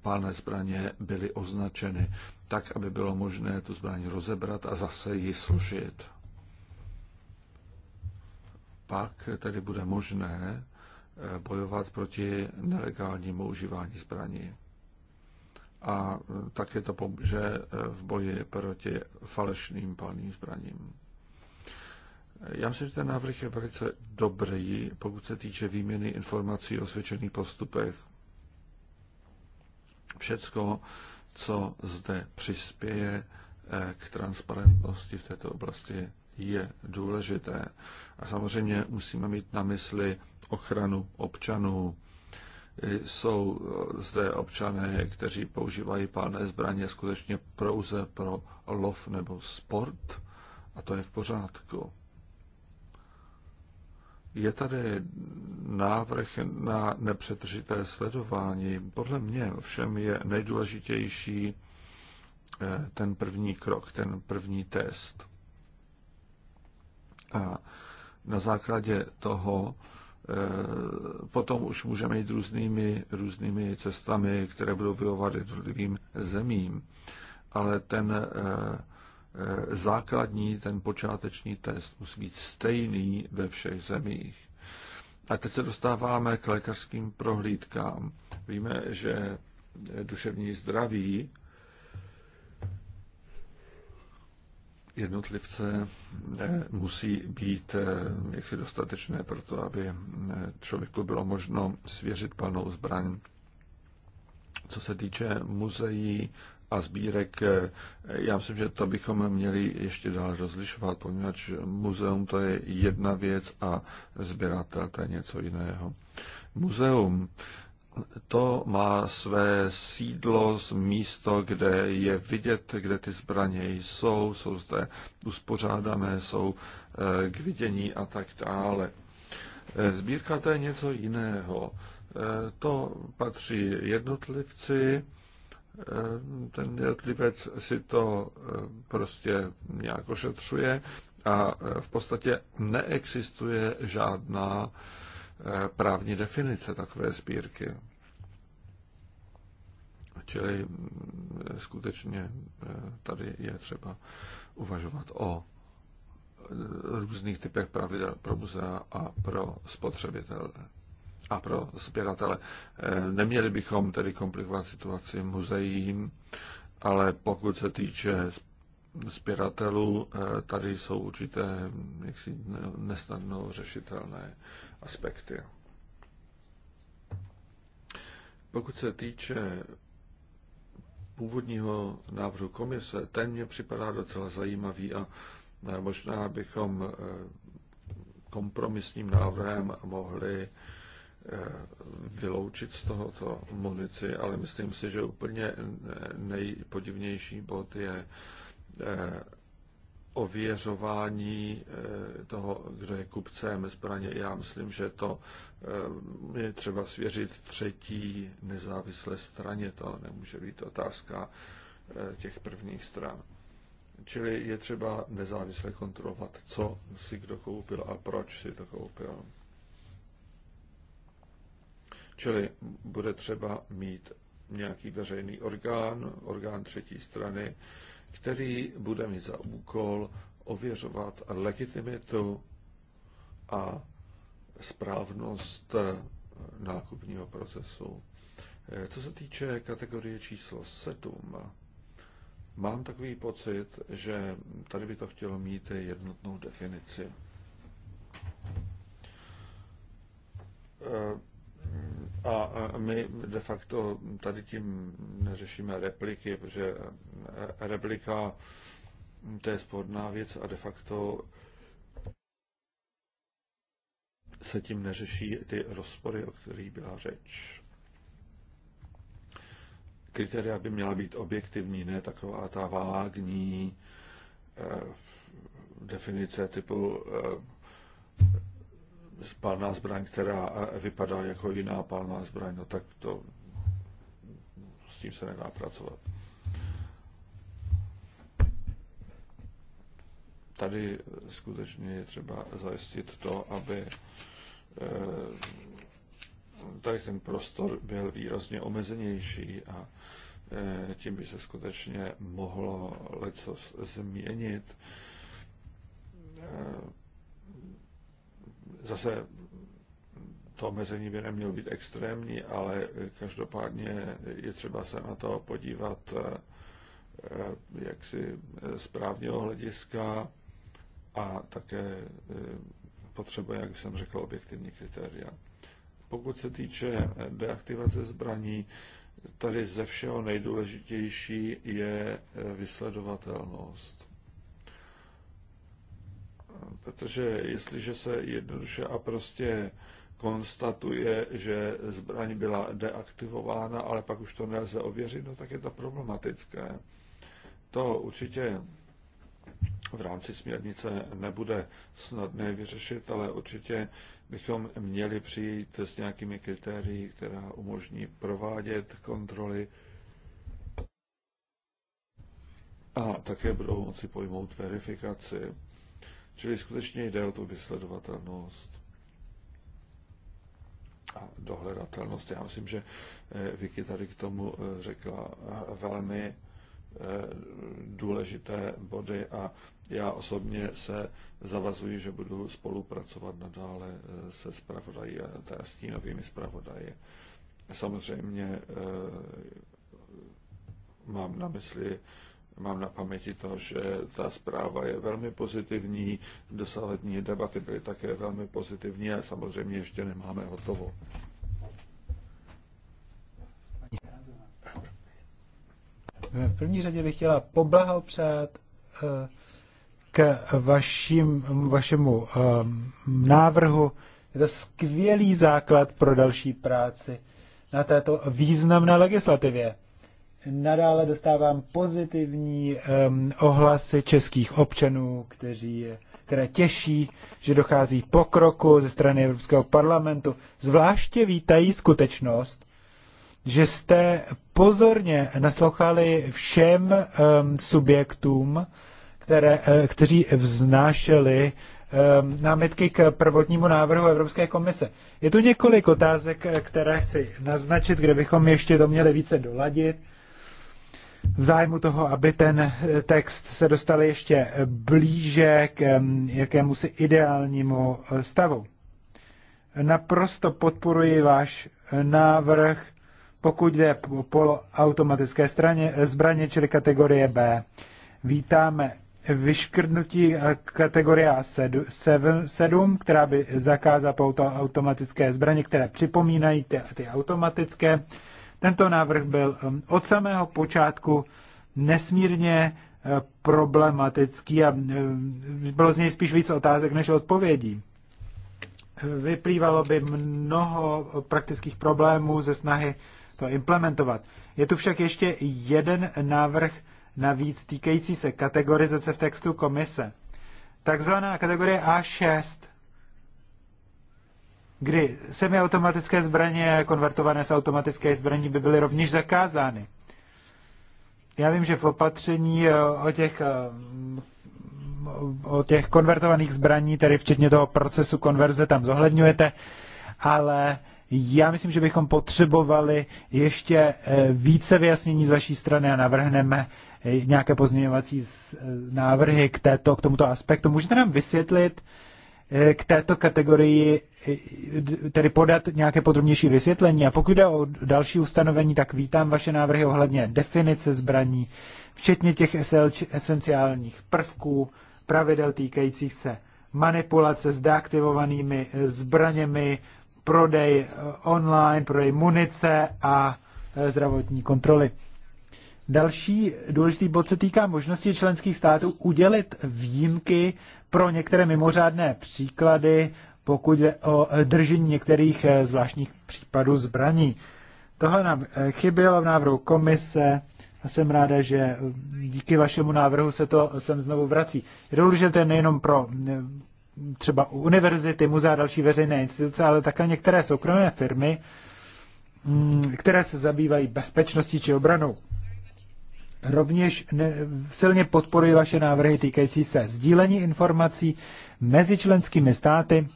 palné zbraně byly označeny tak, aby bylo možné tu zbraň rozebrat a zase ji složit. Pak tedy bude možné bojovat proti nelegálnímu užívání zbraní a e, také to pomůže e, v boji proti falešným palným zbraním. Já myslím, že ten návrh je velice dobrý, pokud se týče výměny informací o svědčených postupech. Všecko, co zde přispěje e, k transparentnosti v této oblasti, je důležité. A samozřejmě musíme mít na mysli ochranu občanů, jsou eh, zde občané, kteří používají pálné zbraně skutečně prouze pro lov nebo sport a to je v pořádku. Je tady návrh na nepřetržité sledování. Podle mě všem je nejdůležitější eh, ten první krok, ten první test. A na základě toho Eh, potom už můžeme jít různými, různými cestami, které budou vyhovat jednotlivým zemím. Ale ten eh, eh, základní, ten počáteční test musí být stejný ve všech zemích. A teď se dostáváme k lékařským prohlídkám. Víme, že duševní zdraví jednotlivce eh, musí být eh, jaksi dostatečné pro to, aby eh, člověku bylo možno svěřit plnou zbraň. Co se týče muzeí a sbírek, já myslím, že to bychom měli ještě dál rozlišovat, poněvadž muzeum to je jedna věc a sběratel to je něco jiného. Muzeum to má své sídlo, místo, kde je vidět, kde ty zbraně jsou, jsou zde uspořádané, jsou eh, k vidění a tak dále. Eh, sbírka to je něco jiného. Eh, to patří jednotlivci, ten jednotlivec si to prostě nějak ošetřuje a v podstatě neexistuje žádná Eh, právní definice takové sbírky. Čili eh, skutečně eh, tady je třeba uvažovat o různých typech pravidel pro muzea a pro spotřebitele a pro sběratele. Neměli bychom tedy komplikovat situaci muzeím, ale pokud se týče sběratelů, tady jsou určité jaksi nesnadno řešitelné aspekty. Pokud se týče původního návrhu komise, ten mě připadá docela zajímavý a možná bychom e, kompromisním návrhem mohli e, vyloučit z tohoto munici, ale myslím si, že úplně nejpodivnější bod je e, ověřování eh, toho, kdo je kupcem zbraně. Já myslím, že to eh, je třeba svěřit třetí nezávislé straně. To nemůže být otázka eh, těch prvních stran. Čili je třeba nezávisle kontrolovat, co si kdo koupil a proč si to koupil. Čili bude třeba mít nějaký veřejný orgán, orgán třetí strany, který bude mít za úkol ověřovat legitimitu a správnost eh, nákupního procesu. Eh, co se týče kategorie číslo 7, mám takový pocit, že tady by to chtělo mít jednotnou definici. Eh, a my de facto tady tím neřešíme repliky, protože eh, replika to je sporná věc a de facto se tím neřeší ty rozpory, o kterých byla řeč. Kritéria by měla být objektivní, ne taková ta vágní eh, definice typu eh, spalná zbraň, která vypadá jako jiná palná zbraň, no tak to s tím se nedá pracovat. Tady skutečně je třeba zajistit to, aby eh, tady ten prostor byl výrazně omezenější a eh, tím by se skutečně mohlo leco změnit eh, Zase to omezení by nemělo být extrémní, ale každopádně je třeba se na to podívat eh, eh, jaksi z eh, právního hlediska a také potřebuje, jak jsem řekl, objektivní kritéria. Pokud se týče deaktivace zbraní, tady ze všeho nejdůležitější je vysledovatelnost protože jestliže se jednoduše a prostě konstatuje, že zbraň byla deaktivována, ale pak už to nelze ověřit, no tak je to problematické. To určitě v rámci směrnice nebude snadné vyřešit, ale určitě bychom měli přijít s nějakými kritérií, která umožní provádět kontroly a také budou moci pojmout verifikaci. Čili skutečně jde o tu vysledovatelnost a dohledatelnost. Já myslím, že eh, Vicky tady k tomu eh, řekla eh, velmi důležité body a já osobně se zavazuji, že budu spolupracovat nadále se spravodají a novými spravodaji. Samozřejmě mám na mysli Mám na paměti to, že ta zpráva je velmi pozitivní, dosávadní debaty byly také velmi pozitivní a samozřejmě ještě nemáme hotovo. V první řadě bych chtěla poblahopřát eh, k vašim, vašemu eh, návrhu. Je to skvělý základ pro další práci na této významné legislativě nadále dostávám pozitivní um, ohlasy českých občanů, kteří, které těší, že dochází pokroku ze strany Evropského parlamentu. Zvláště vítají skutečnost, že jste pozorně naslouchali všem um, subjektům, které, uh, kteří vznášeli um, námitky k prvotnímu návrhu Evropské komise. Je tu několik otázek, které chci naznačit, kde bychom ještě to měli více doladit v zájmu toho, aby ten eh, text se dostal ještě blíže k jakémusi ideálnímu eh, stavu. Naprosto podporuji váš eh, návrh, pokud jde po poloautomatické straně, zbraně, čili kategorie B. Vítáme vyškrtnutí kategorie 7, která by zakázala automatické zbraně, které připomínají ty, ty automatické. Tento návrh byl um, od samého počátku nesmírně eh, problematický a eh, bylo z něj spíš víc otázek než odpovědí. Vyplývalo by mnoho praktických problémů ze snahy to implementovat. Je tu však ještě jeden návrh navíc týkající se kategorizace v textu komise. Takzvaná kategorie A6 kdy semiautomatické zbraně konvertované z automatické zbraní by byly rovněž zakázány. Já vím, že v opatření eh, o těch, eh, o těch konvertovaných zbraní, tedy včetně toho procesu konverze, tam zohledňujete, ale já myslím, že bychom potřebovali ještě eh, více vyjasnění z vaší strany a navrhneme nějaké pozměňovací návrhy k, této, k tomuto aspektu. Můžete nám vysvětlit, Eh, k této kategorii eh, tedy podat nějaké podrobnější vysvětlení. A pokud jde o další ustanovení, tak vítám vaše návrhy ohledně definice zbraní, včetně těch esenciálních prvků, pravidel týkajících se manipulace s deaktivovanými eh, zbraněmi, prodej online, prodej munice a zdravotní kontroly. Další důležitý bod se týká možnosti členských států udělit výjimky pro některé mimořádné příklady, pokud jde o držení některých eh, zvláštních případů zbraní. Tohle nám eh, chybělo v návrhu komise a jsem ráda, že eh, díky vašemu návrhu se to sem znovu vrací. Je důležité nejenom pro třeba univerzity, muzea a další veřejné instituce, ale také některé soukromé firmy, mm, které se zabývají bezpečností či obranou. Rovněž ne, silně podporuji vaše návrhy týkající se sdílení informací mezi členskými státy.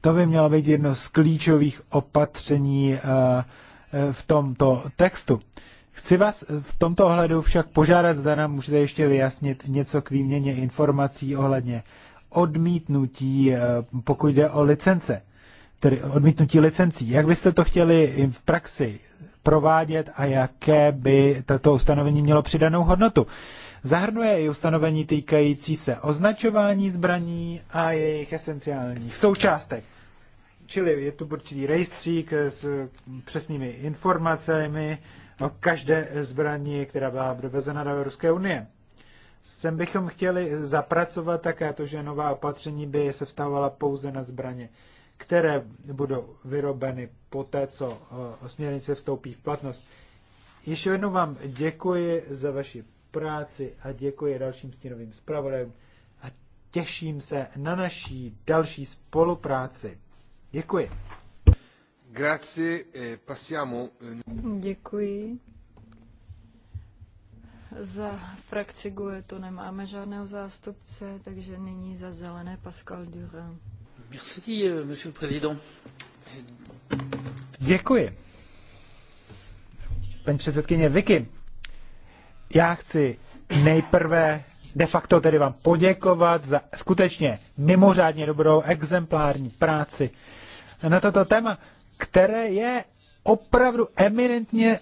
To by mělo být jedno z klíčových opatření eh, eh, v tomto textu. Chci vás v tomto ohledu však požádat, zda nám můžete ještě vyjasnit něco k výměně informací ohledně odmítnutí, eh, pokud jde o licence, tedy odmítnutí licencí. Jak byste to chtěli v praxi provádět a jaké by toto ustanovení mělo přidanou hodnotu. Zahrnuje i ustanovení týkající se označování zbraní a jejich esenciálních součástek. Čili je tu určitý rejstřík s přesnými informacemi o každé zbraní, která byla dovezena do Evropské unie. Sem bychom chtěli zapracovat také to, že nová opatření by se vztahovala pouze na zbraně které budou vyrobeny po té, co eh, směrnice vstoupí v platnost. Ještě jednou vám děkuji za vaši práci a děkuji dalším stínovým zpravodajům a těším se na naší další spolupráci. Děkuji. Grazie, eh, passiamo. Eh, děkuji. Za frakci GUE to nemáme žádného zástupce, takže nyní za zelené Pascal Durand. Euh, Děkuji. Paní předsedkyně Vicky, já chci nejprve de facto tedy vám poděkovat za skutečně mimořádně dobrou exemplární práci na toto téma, které je opravdu eminentně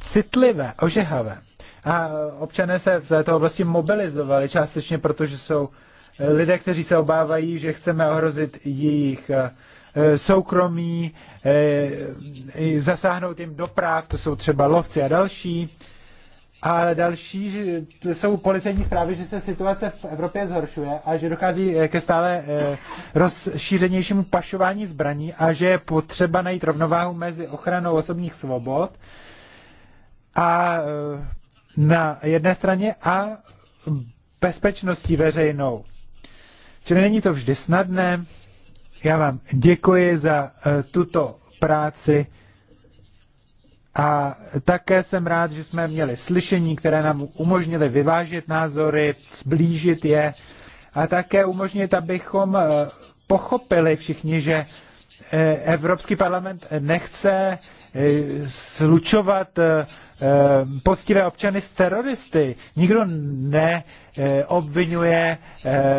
citlivé, ožehavé. A občané se v této oblasti mobilizovali částečně, protože jsou lidé, kteří se obávají, že chceme ohrozit jejich eh, soukromí, eh, zasáhnout jim do práv, to jsou třeba lovci a další. A další že jsou policejní zprávy, že se situace v Evropě zhoršuje a že dochází eh, ke stále rozšířenějšímu pašování zbraní a že je potřeba najít rovnováhu mezi ochranou osobních svobod a na jedné straně a bezpečností veřejnou. Čili není to vždy snadné. Já vám děkuji za eh, tuto práci a také jsem rád, že jsme měli slyšení, které nám umožnili vyvážit názory, zblížit je a také umožnit, abychom eh, pochopili všichni, že eh, Evropský parlament nechce Eh, slučovat eh, eh, poctivé občany s teroristy. Nikdo neobvinuje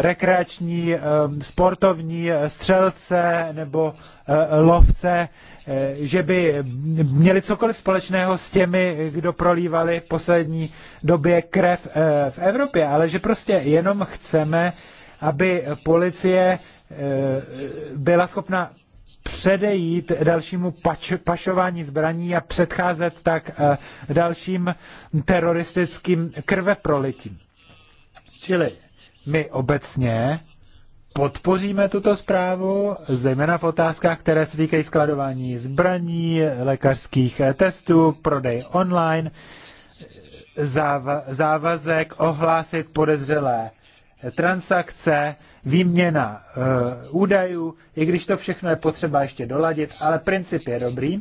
rekreační, sportovní střelce nebo lovce, že by měli cokoliv společného s těmi, kdo prolívali v poslední době krev v Evropě, ale že prostě jenom chceme, aby policie byla schopna předejít dalšímu pač, pašování zbraní a předcházet tak eh, dalším teroristickým krveprolitím. Čili my obecně podpoříme tuto zprávu, zejména v otázkách, které se týkají skladování zbraní, lékařských eh, testů, prodej online, závazek ohlásit podezřelé transakce, výměna e, údajů, i když to všechno je potřeba ještě doladit, ale princip je dobrý.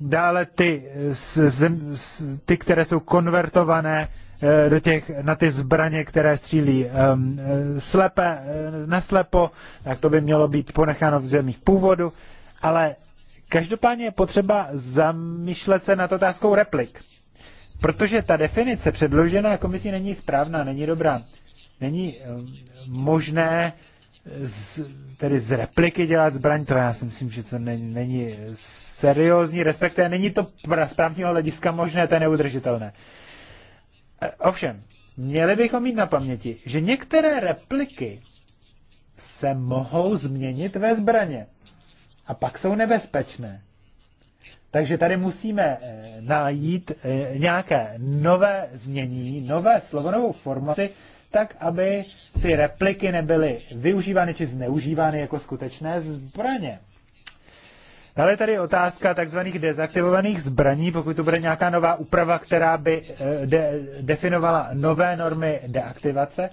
Dále ty, z, z, z, ty které jsou konvertované e, do těch, na ty zbraně, které střílí e, slepe, e, naslepo, tak to by mělo být ponecháno v zemích původu, ale každopádně je potřeba zamýšlet se nad otázkou replik Protože ta definice předložená komisí není správná, není dobrá. Není eh, možné z, tedy z repliky dělat zbraň, to já si myslím, že to není, není seriózní, respektive není to z právního hlediska možné, to je neudržitelné. Eh, ovšem, měli bychom mít na paměti, že některé repliky se mohou změnit ve zbraně a pak jsou nebezpečné. Takže tady musíme eh, najít eh, nějaké nové znění, nové slovo, formaci, formulaci, tak, aby ty repliky nebyly využívány či zneužívány jako skutečné zbraně. Dále je tady otázka tzv. dezaktivovaných zbraní, pokud to bude nějaká nová úprava, která by eh, de- definovala nové normy deaktivace,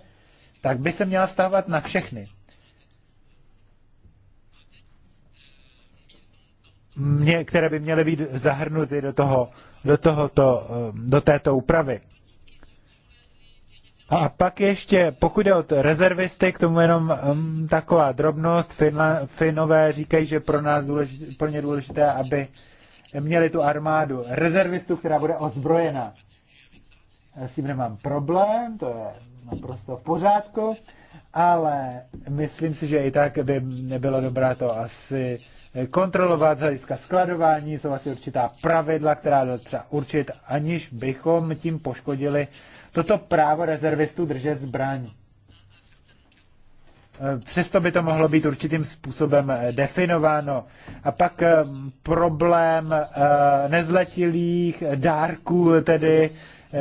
tak by se měla stávat na všechny. mě, které by měly být zahrnuty do, toho, do, tohoto, eh, do této úpravy. A pak ještě, pokud je od rezervisty, k tomu jenom um, taková drobnost. Finla, Finové říkají, že pro nás důležité, pro ně důležité, aby měli tu armádu rezervistů, která bude ozbrojena. Já s tím nemám problém, to je naprosto v pořádku, ale myslím si, že i tak by nebylo dobré to asi Eh, kontrolovat z hlediska skladování, jsou asi určitá pravidla, která jde třeba určit, aniž bychom tím poškodili toto právo rezervistů držet zbraň. Eh, přesto by to mohlo být určitým způsobem eh, definováno. A pak problém nezletilých dárků, tedy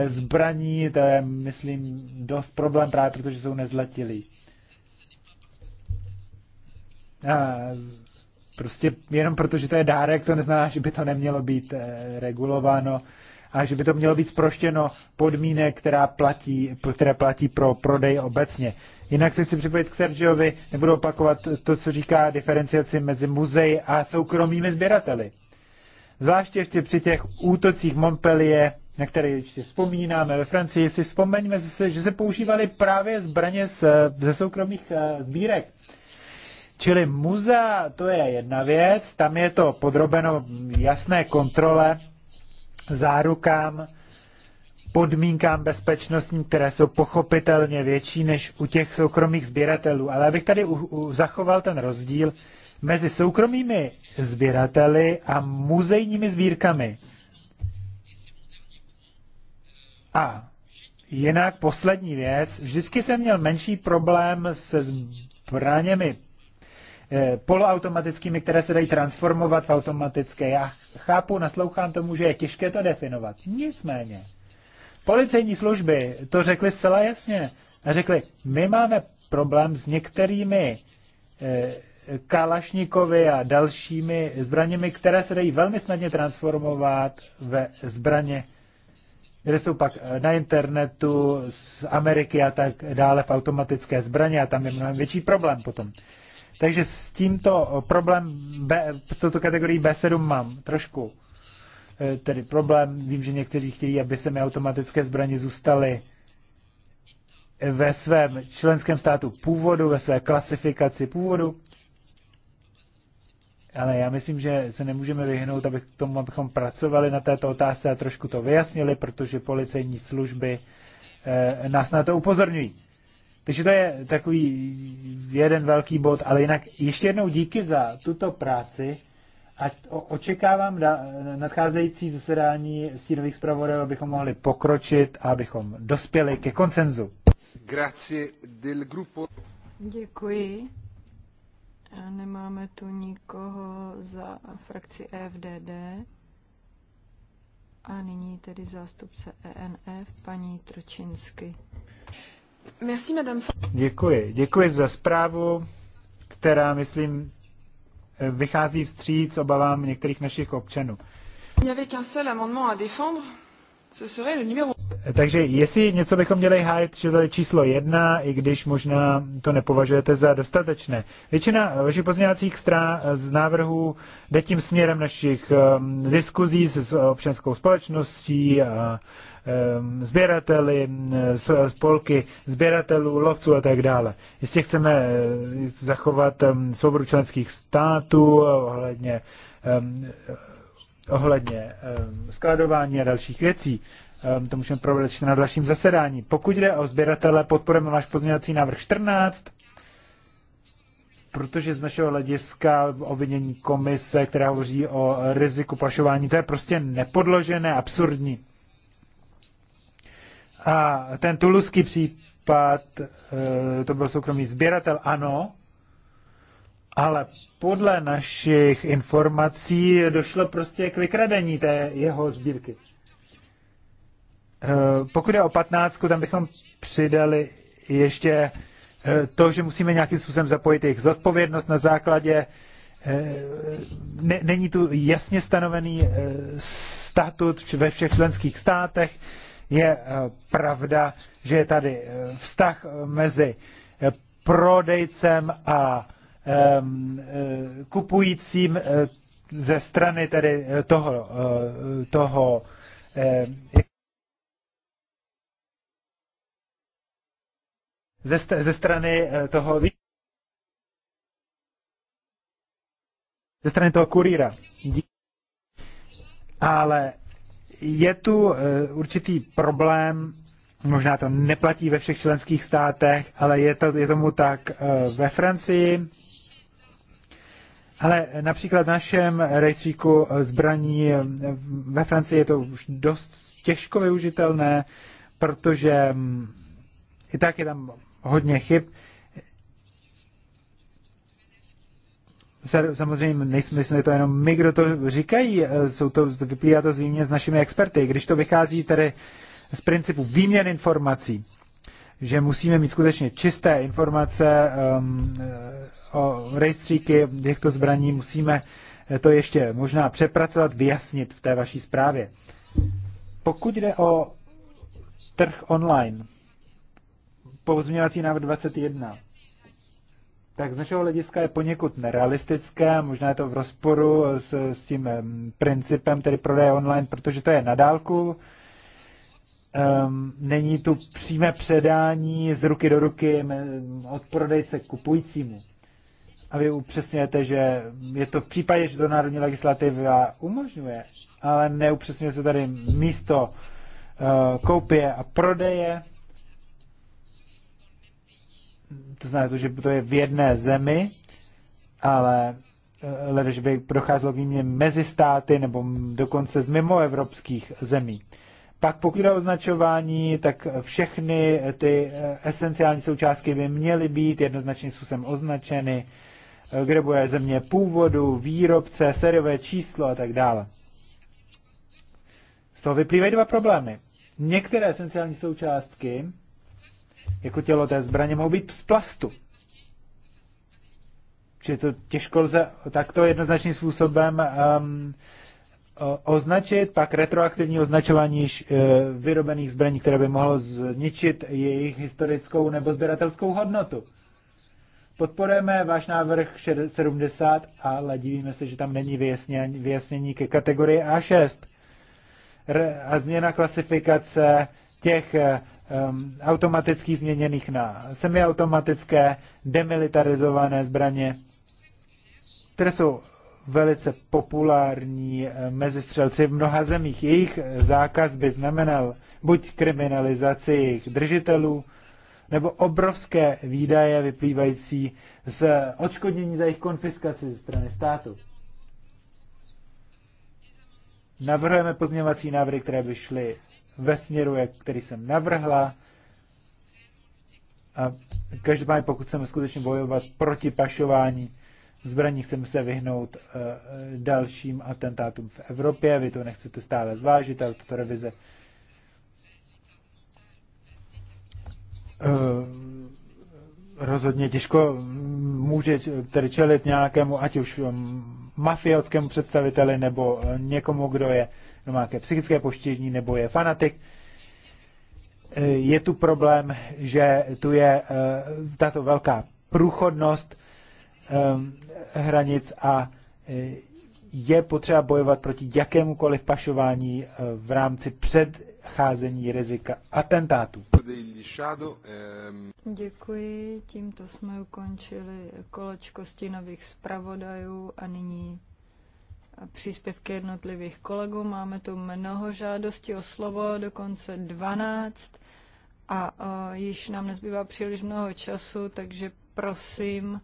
zbraní, to je, myslím, dost problém právě, protože jsou nezletilí. Prostě jenom proto, že to je dárek, to neznamená, že by to nemělo být eh, regulováno a že by to mělo být sproštěno podmínek, která platí, které platí pro prodej obecně. Jinak se chci připojit k Sergiovi, nebudu opakovat to, co říká diferenciaci mezi muzeji a soukromými sběrateli. Zvláště ještě při těch útocích Montpellier, na které ještě vzpomínáme ve Francii, si vzpomeňme, že se používaly právě zbraně ze soukromých eh, sbírek. Uh, Čili muzea, to je jedna věc, tam je to podrobeno jasné kontrole, zárukám, podmínkám bezpečnostní, které jsou pochopitelně větší než u těch soukromých sběratelů. Ale abych tady u, u, zachoval ten rozdíl mezi soukromými sběrateli a muzejními sbírkami. A jinak poslední věc. Vždycky jsem měl menší problém se zbraněmi Eh, poloautomatickými, které se dají transformovat v automatické. Já chápu, naslouchám tomu, že je těžké to definovat. Nicméně, policejní služby to řekly zcela jasně. A řekli, my máme problém s některými eh, Kalašníkovi a dalšími zbraněmi, které se dají velmi snadně transformovat ve zbraně, které jsou pak eh, na internetu z Ameriky a tak dále v automatické zbraně a tam je mnohem větší problém potom. Takže s tímto problém, B, tuto kategorii B7 mám trošku eh, tedy problém. Vím, že někteří chtějí, aby se mi automatické zbraně zůstaly ve svém členském státu původu, ve své klasifikaci původu. Ale já myslím, že se nemůžeme vyhnout aby k tomu, abychom pracovali na této otázce a trošku to vyjasnili, protože policejní služby eh, nás na to upozorňují. Takže to je takový jeden velký bod, ale jinak ještě jednou díky za tuto práci a očekávám nadcházející zasedání stínových zpravodajů, abychom mohli pokročit a abychom dospěli ke konsenzu. Grazie del gruppo. Děkuji. A nemáme tu nikoho za frakci EFDD. A nyní tedy zástupce ENF, paní Tročinsky. Merci, madame. Děkuji. Děkuji za zprávu, která, myslím, vychází vstříc obavám některých našich občanů. Il n'y avait qu'un seul amendement à défendre, takže jestli něco bychom měli hájit, že to je číslo jedna, i když možná to nepovažujete za dostatečné. Většina vašich pozměňovacích strán eh, z návrhů jde tím směrem našich um, diskuzí s, s občanskou společností a ehm, sběrateli, eh, spolky sběratelů, lovců a tak dále. Jestli chceme eh, zachovat ehm, svobodu členských států ohledně um, ohledně ehm, skladování a dalších věcí. Ehm, to můžeme probrat na dalším zasedání. Pokud jde o sběratele, podporujeme váš pozměňovací návrh 14, protože z našeho hlediska obvinění komise, která hovoří o riziku pašování, to je prostě nepodložené, absurdní. A ten tuluský případ, eh, to byl soukromý sběratel, ano, ale podle našich informací došlo prostě k vykradení té jeho sbírky. Eh, pokud je o patnáctku, tam bychom přidali ještě eh, to, že musíme nějakým způsobem zapojit jejich zodpovědnost na základě eh, není tu jasně stanovený statut ve všech členských státech. Je pravda, že je tady vztah mezi prodejcem a Ehm, eh, kupujícím eh, ze strany tedy eh, toho, toho ze, ze strany toho ze strany toho kurýra. Ale je tu určitý problém, možná to neplatí ve všech členských státech, ale je, to, je tomu tak ve Francii, ale například v našem rejstříku zbraní ve Francii je to už dost těžko využitelné, protože mm, i tak je tam hodně chyb. Samozřejmě nejsme, jsme to jenom my, kdo to říkají, e, jsou to, vyplývá to z výměn s našimi experty. Když to vychází tedy z principu výměn informací, že musíme mít skutečně čisté informace um, o rejstříky těchto zbraní, musíme to ještě možná přepracovat, vyjasnit v té vaší zprávě. Pokud jde o trh online, pozměňovací návrh 21, tak z našeho hlediska je poněkud nerealistické, možná je to v rozporu s, s tím principem tedy prodeje online, protože to je na dálku, um, není tu přímé předání z ruky do ruky od prodejce k kupujícímu a vy upřesňujete, že je to v případě, že to národní legislativa umožňuje, ale neupřesňuje se tady místo eh, koupě a prodeje. To znamená to, že to je v jedné zemi, ale eh, lede, že by docházelo k výměně mezi státy nebo dokonce z mimoevropských zemí. Pak pokud jde o označování, tak všechny ty eh, esenciální součástky by měly být jednoznačným způsobem označeny. Eh, kde bude země původu, výrobce, serové číslo a tak dále. Z toho vyplývají dva problémy. Některé esenciální součástky, jako tělo té zbraně, mohou být z plastu. Čili to těžko lze takto jednoznačným způsobem um, označit, pak retroaktivní označování již eh, vyrobených zbraní, které by mohlo zničit jejich historickou nebo sběratelskou hodnotu. Podporujeme váš návrh 70, ale divíme se, že tam není vyjasnění, vyjasnění ke kategorii A6 a změna klasifikace těch um, automaticky změněných na semiautomatické demilitarizované zbraně, které jsou velice populární eh, mezi střelci v mnoha zemích. Jejich zákaz by znamenal buď kriminalizaci jejich držitelů, nebo obrovské výdaje vyplývající z odškodnění za jejich konfiskaci ze strany státu. Navrhujeme pozměňovací návrhy, které by šly ve směru, jak, který jsem navrhla. A každopádně, pokud chceme skutečně bojovat proti pašování zbraní, chceme se vyhnout uh, dalším atentátům v Evropě. Vy to nechcete stále zvážit, ale tato revize Eh, rozhodně těžko může tedy čelit nějakému, ať už eh, mafiotskému představiteli, nebo eh, někomu, kdo je kdo má nějaké psychické poštění, nebo je fanatik. Je tu problém, že tu je tato velká průchodnost hranic a je potřeba bojovat proti jakémukoliv pašování v rámci předcházení rizika atentátů. Děkuji, tímto jsme ukončili kolečko stínových zpravodajů a nyní příspěvky jednotlivých kolegů. Máme tu mnoho žádostí o slovo, dokonce 12 a o, již nám nezbývá příliš mnoho času, takže prosím,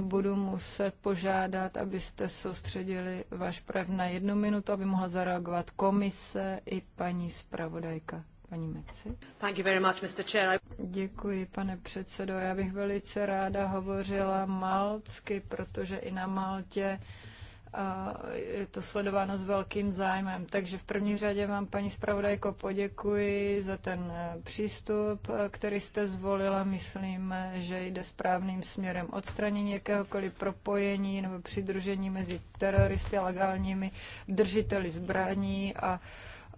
budu muset požádat, abyste soustředili váš prav na jednu minutu, aby mohla zareagovat komise i paní zpravodajka. Paní Thank you very much, Mr. Chair. Děkuji, pane předsedo. Já bych velice ráda hovořila maltsky, protože i na Maltě je to sledováno s velkým zájmem. Takže v první řadě vám, paní zpravodajko, poděkuji za ten e, přístup, e, který jste zvolila. Myslím, e, že jde správným směrem odstranění jakéhokoliv propojení nebo přidružení mezi teroristy a legálními držiteli zbraní a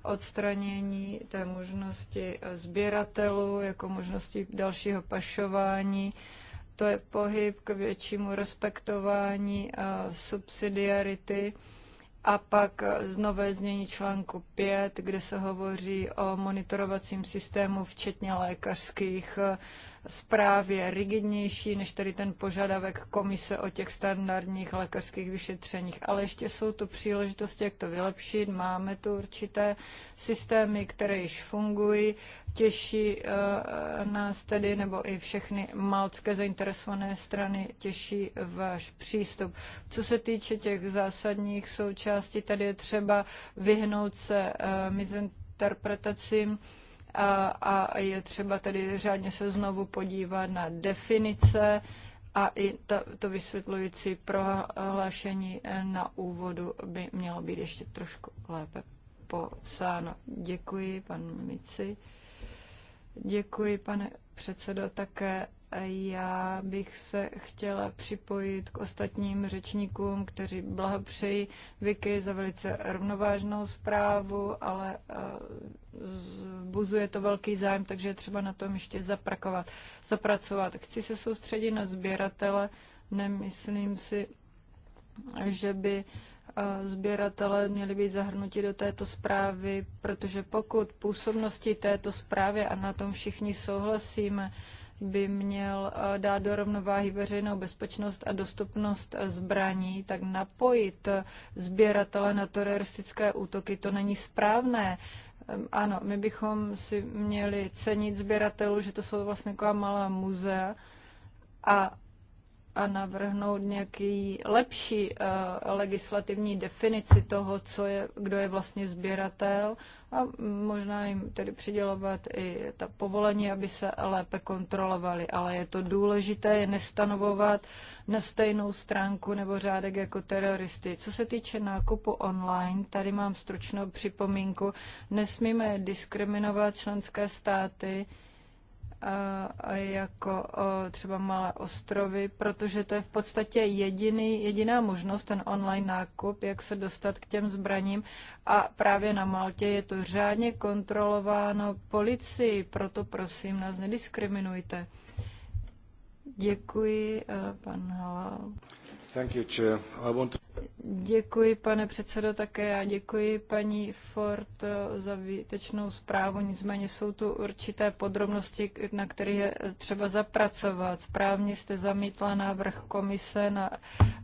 odstranění té možnosti sběratelů jako možnosti dalšího pašování. To je pohyb k většímu respektování eh, subsidiarity. A pak znovu znění článku 5, kde se hovoří o monitorovacím systému, včetně lékařských zprávě rigidnější než tedy ten požadavek komise o těch standardních lékařských vyšetřeních. Ale ještě jsou tu příležitosti, jak to vylepšit. Máme tu určité systémy, které již fungují. Těší uh, nás tedy, nebo i všechny malcké zainteresované strany těší váš přístup. Co se týče těch zásadních součástí, tady je třeba vyhnout se uh, mizinterpretacím a, a je třeba tedy řádně se znovu podívat na definice a i to, to vysvětlující prohlášení eh, na úvodu by mělo být ještě trošku lépe posáno. Děkuji, pan Mici. Děkuji, pane předsedo, také já bych se chtěla připojit k ostatním řečníkům, kteří blahopřejí Vicky za velice rovnovážnou zprávu, ale eh, zbuzuje to velký zájem, takže je třeba na tom ještě zaprakovat, zapracovat. Chci se soustředit na sběratele, nemyslím si, že by eh, sběratele měli být zahrnuti do této zprávy, protože pokud působnosti této zprávy, a na tom všichni souhlasíme, by měl eh, dát do rovnováhy veřejnou bezpečnost a dostupnost zbraní, tak napojit eh, sběratele na teroristické útoky, to není správné. Ehm, ano, my bychom si měli cenit sběratelů, že to jsou vlastně taková malá muzea a a navrhnout nějaký lepší eh, legislativní definici toho, co je, kdo je vlastně sběratel a možná jim tedy přidělovat i ta povolení, aby se lépe kontrolovali. Ale je to důležité je nestanovovat na stejnou stránku nebo řádek jako teroristy. Co se týče nákupu online, tady mám stručnou připomínku. Nesmíme diskriminovat členské státy, jako třeba malé ostrovy, protože to je v podstatě jediný, jediná možnost, ten online nákup, jak se dostat k těm zbraním. A právě na Maltě je to řádně kontrolováno policií, proto prosím, nás nediskriminujte. Děkuji, pan Halal. Děkuji, pane předsedo, také já děkuji paní Ford eh, za výtečnou zprávu, nicméně jsou tu určité podrobnosti, na kterých je třeba zapracovat. Správně jste zamítla návrh komise na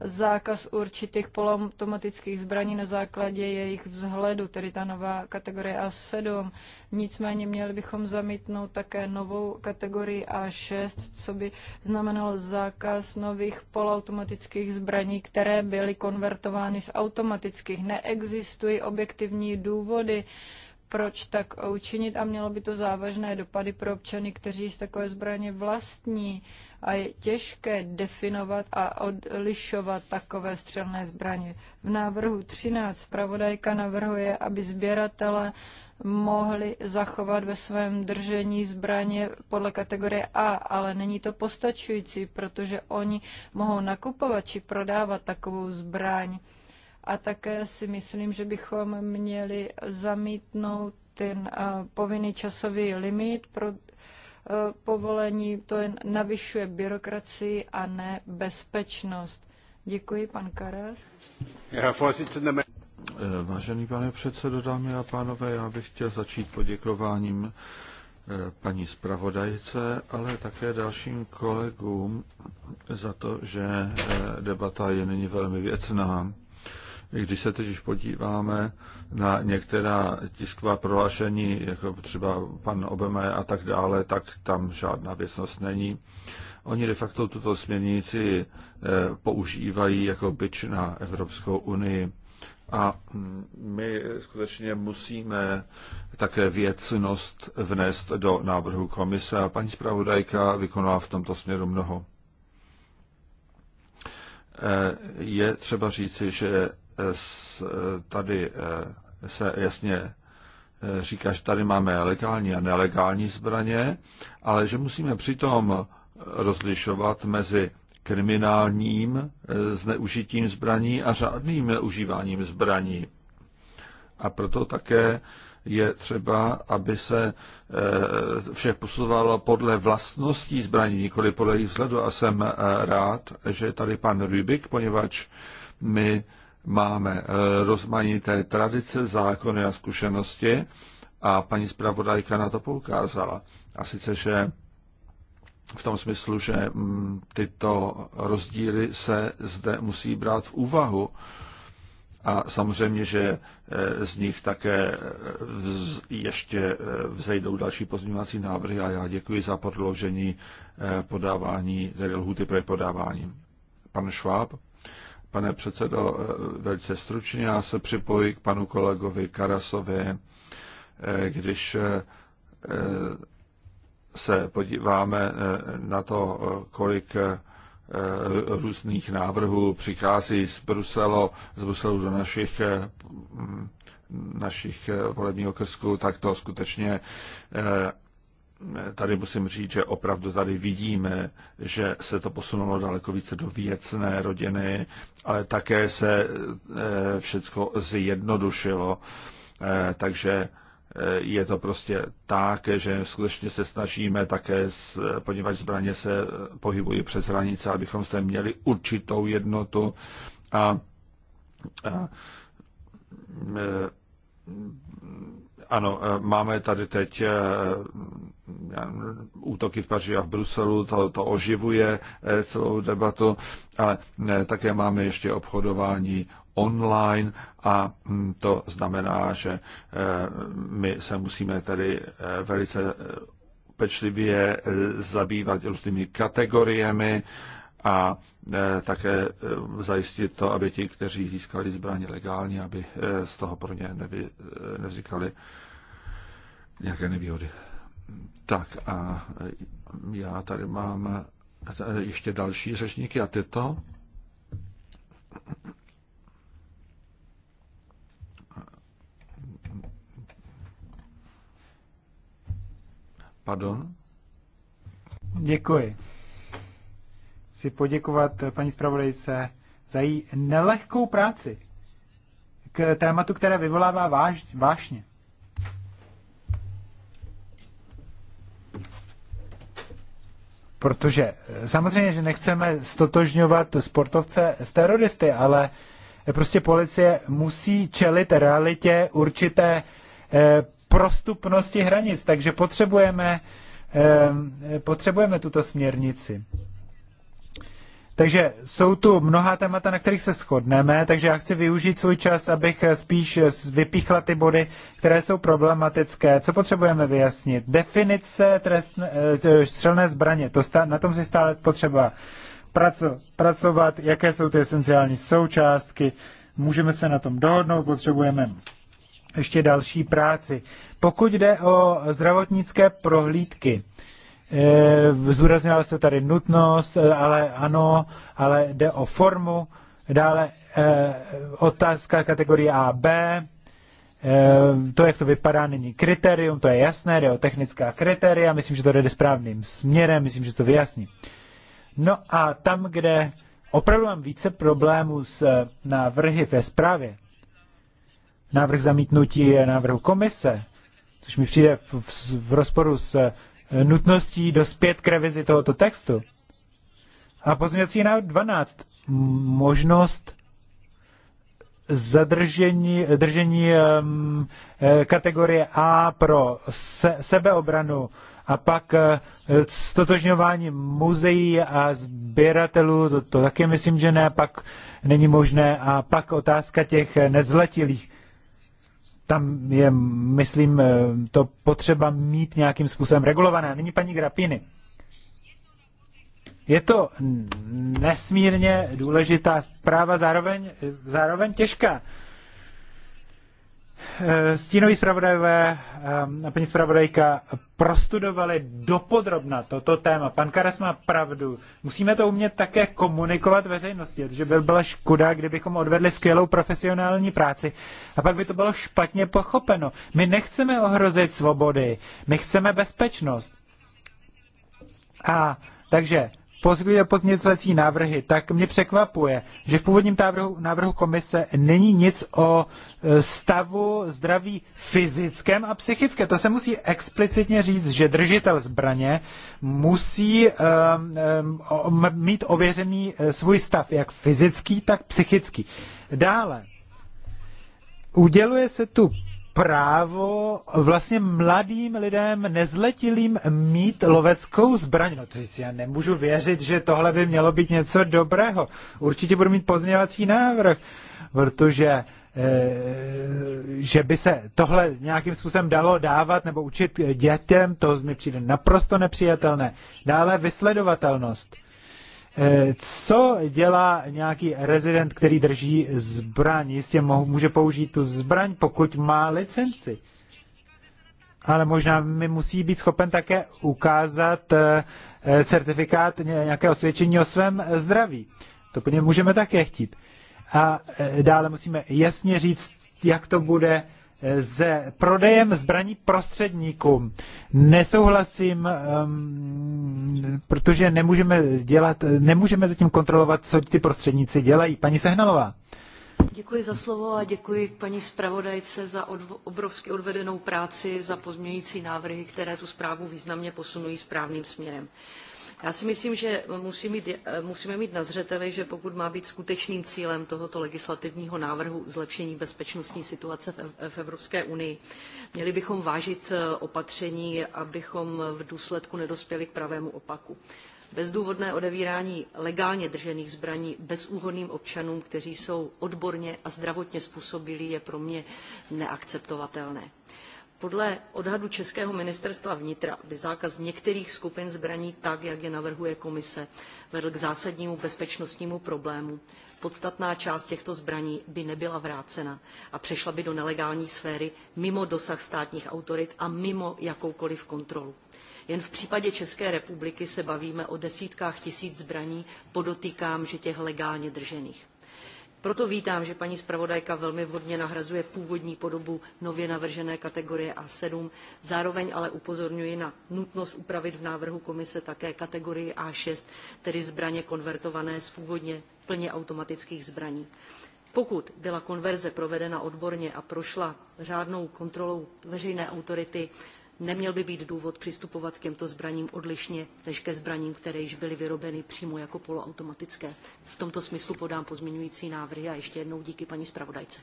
zákaz určitých poloautomatických zbraní na základě jejich vzhledu, tedy ta nová kategorie A7. Nicméně měli bychom zamítnout také novou kategorii A6, co by znamenalo zákaz nových polautomatických zbraní, které byly konvertovány z automatických. Neexistují objektivní důvody, proč tak učinit a mělo by to závažné dopady pro občany, kteří z takové zbraně vlastní a je těžké definovat a odlišovat takové střelné zbraně. V návrhu 13 zpravodajka navrhuje, aby sběratele mohli zachovat ve svém držení zbraně podle kategorie A, ale není to postačující, protože oni mohou nakupovat či prodávat takovou zbraň. A také si myslím, že bychom měli zamítnout ten povinný časový limit pro e, povolení. To jen navyšuje byrokracii a ne bezpečnost. Děkuji, pan Karas. Eh, vážený pane předsedo, dámy a pánové, já bych chtěl začít poděkováním eh, paní zpravodajce, ale také dalším kolegům za to, že eh, debata je nyní velmi věcná. Když se teď podíváme na některá tisková prohlášení, jako třeba pan Obeme a tak dále, tak tam žádná věcnost není. Oni de facto tuto směrnici používají jako byč na Evropskou unii. A my skutečně musíme také věcnost vnést do návrhu komise a paní zpravodajka vykonala v tomto směru mnoho. Eh, je třeba říci, že tady eh, se jasně eh, říká, že tady máme legální a nelegální zbraně, ale že musíme přitom rozlišovat mezi kriminálním eh, zneužitím zbraní a řádným užíváním zbraní. A proto také je třeba, aby se eh, vše posuzovalo podle vlastností zbraní, nikoli podle jejich vzhledu. A jsem eh, rád, že je tady pan Rybik, poněvadž my máme rozmanité tradice, zákony a zkušenosti a paní zpravodajka na to poukázala. A sice, že v tom smyslu, že mm, tyto rozdíly se zde musí brát v úvahu. A samozřejmě, že e, z nich také e, vz, ještě e, vzejdou další pozměňovací návrhy a já děkuji za podložení podávání, tedy lhuty pro podávání. Pan Šváb, pane předsedo, velice stručně, já se připojím k panu kolegovi Karasovi, když se podíváme eh, na to, eh, kolik eh, různých návrhů přichází z Bruselu, z Bruselu do našich našich volebních okrsků, tak to skutečně tady musím říct, že opravdu tady vidíme, že se to posunulo daleko více do věcné rodiny, ale také se všecko zjednodušilo. Takže Eh, je to prostě tak, že skutečně se snažíme také, poněvadž zbraně se eh, pohybují přes hranice, abychom se měli určitou jednotu a, a eh, ano, máme tady teď útoky v Paříži a v Bruselu, to, to oživuje celou debatu, ale také máme ještě obchodování online a mm, to znamená, že eh, my se musíme tady eh, velice eh, pečlivě zabývat různými kategoriemi a také zajistit to, aby ti, kteří získali zbraně legálně, aby z toho pro ně nevy, nevznikaly nějaké nevýhody. Tak a já tady mám ještě další řečníky a tyto. Pardon? Děkuji. Chci poděkovat paní zpravodajce za její nelehkou práci k tématu, které vyvolává váž, vášně. Protože eh, samozřejmě, že nechceme stotožňovat sportovce s teroristy, ale eh, prostě policie musí čelit realitě určité eh, prostupnosti hranic, takže potřebujeme, eh, potřebujeme tuto směrnici. Takže jsou tu mnohá témata, na kterých se shodneme, takže já chci využít svůj čas, abych spíš vypíchla ty body, které jsou problematické. Co potřebujeme vyjasnit? Definice trestne, eh, střelné zbraně, to sta, na tom si stále potřeba praco, pracovat, jaké jsou ty esenciální součástky, můžeme se na tom dohodnout, potřebujeme ještě další práci. Pokud jde o zdravotnické prohlídky, eh, zúraznila se tady nutnost, eh, ale ano, ale jde o formu. Dále eh, otázka kategorie A, B, to, jak to vypadá, není kritérium, to je jasné, jde o technická kritéria, myslím, že to jde správným směrem, myslím, že to vyjasní. No a tam, kde opravdu mám více problémů s návrhy ve zprávě, návrh zamítnutí návrhu komise, což mi přijde v, v, v rozporu s eh, nutností dospět k revizi tohoto textu. A pozměňovací návrh 12. Možnost zadržení držení, um, kategorie A pro se, sebeobranu a pak uh, stotožňování muzeí a sběratelů, to, to taky myslím, že ne, pak není možné a pak otázka těch nezletilých. Uh, tam je, myslím, eh, to potřeba mít nějakým způsobem regulované. A nyní paní Grapiny. Je to nesmírně důležitá zpráva, zároveň, eh, zároveň těžká. Eh, stínoví zpravodajové a eh, paní zpravodajka prostudovali dopodrobna toto téma. Pan Karas má pravdu. Musíme to umět také komunikovat veřejnosti, že by byla škoda, kdybychom odvedli skvělou profesionální práci a pak by to bylo špatně pochopeno. My nechceme ohrozit svobody, my chceme bezpečnost. A takže pozměňovací návrhy, tak mě překvapuje, že v původním návrhu, návrhu komise není nic o e, stavu zdraví fyzickém a psychickém. To se musí explicitně říct, že držitel zbraně musí um, um, mít ověřený e, svůj stav, jak fyzický, tak psychický. Dále, uděluje se tu právo vlastně mladým lidem, nezletilým mít loveckou zbraň. No to já nemůžu věřit, že tohle by mělo být něco dobrého. Určitě budu mít pozměňovací návrh, protože eh, že by se tohle nějakým způsobem dalo dávat nebo učit dětem, to mi přijde naprosto nepřijatelné. Dále vysledovatelnost. Eh, co dělá nějaký rezident, který drží zbraň? Jistě může použít tu zbraň, pokud má licenci. Ale možná mi musí být schopen také ukázat eh, certifikát nějakého osvědčení o svém zdraví. To po něm můžeme také chtít. A eh, dále musíme jasně říct, jak to bude se prodejem zbraní prostředníkům. Nesouhlasím, ehm, protože nemůžeme, dělat, nemůžeme zatím kontrolovat, co ty prostředníci dělají. Paní Sehnalová. Děkuji za slovo a děkuji paní zpravodajce za odv- obrovsky odvedenou práci, za pozměňující návrhy, které tu zprávu významně posunují správným směrem. Já si myslím, že musí mít, eh, musíme mít na zřeteli, že pokud má být skutečným cílem tohoto legislativního návrhu zlepšení bezpečnostní situace v Evropské unii, měli bychom vážit eh, opatření, abychom v důsledku nedospěli k pravému opaku bezdůvodné odevírání legálně držených zbraní bezúhonným občanům, kteří jsou odborně a zdravotně způsobilí, je pro mě neakceptovatelné. Podle odhadu Českého ministerstva vnitra by zákaz některých skupin zbraní tak, jak je navrhuje komise, vedl k zásadnímu bezpečnostnímu problému. Podstatná část těchto zbraní by nebyla vrácena a přešla by do nelegální sféry mimo dosah státních autorit a mimo jakoukoliv kontrolu. Jen v případě České republiky se bavíme o desítkách tisíc zbraní, podotýkám, že těch legálně držených. Proto vítám, že paní zpravodajka velmi vhodně nahrazuje původní podobu nově navržené kategorie A7, zároveň ale upozorňuji na nutnost upravit v návrhu komise také kategorii A6, tedy zbraně konvertované z původně plně automatických zbraní. Pokud byla konverze provedena odborně a prošla řádnou kontrolou veřejné autority Neměl by být důvod přistupovat k těmto zbraním odlišně než ke zbraním, které již byly vyrobeny přímo jako poloautomatické. V tomto smyslu podám pozměňující návrhy a ještě jednou díky paní zpravodajce.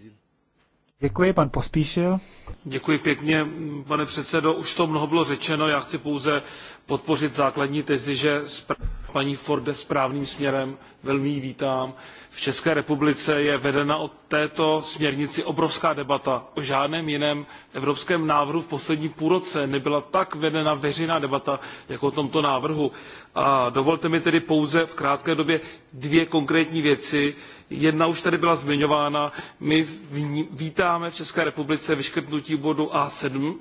E, Děkuji, pan Pospíšil. Děkuji pěkně, pane předsedo. Už to mnoho bylo řečeno, já chci pouze podpořit základní tezi, že... zpráva paní Ford jde správným směrem, velmi ji vítám. V České republice je vedena o této směrnici obrovská debata. O žádném jiném evropském návrhu v posledním půlroce nebyla tak vedena veřejná debata jako o tomto návrhu. A dovolte mi tedy pouze v krátké době dvě konkrétní věci. Jedna už tady byla zmiňována. My vítáme v České republice vyškrtnutí bodu A7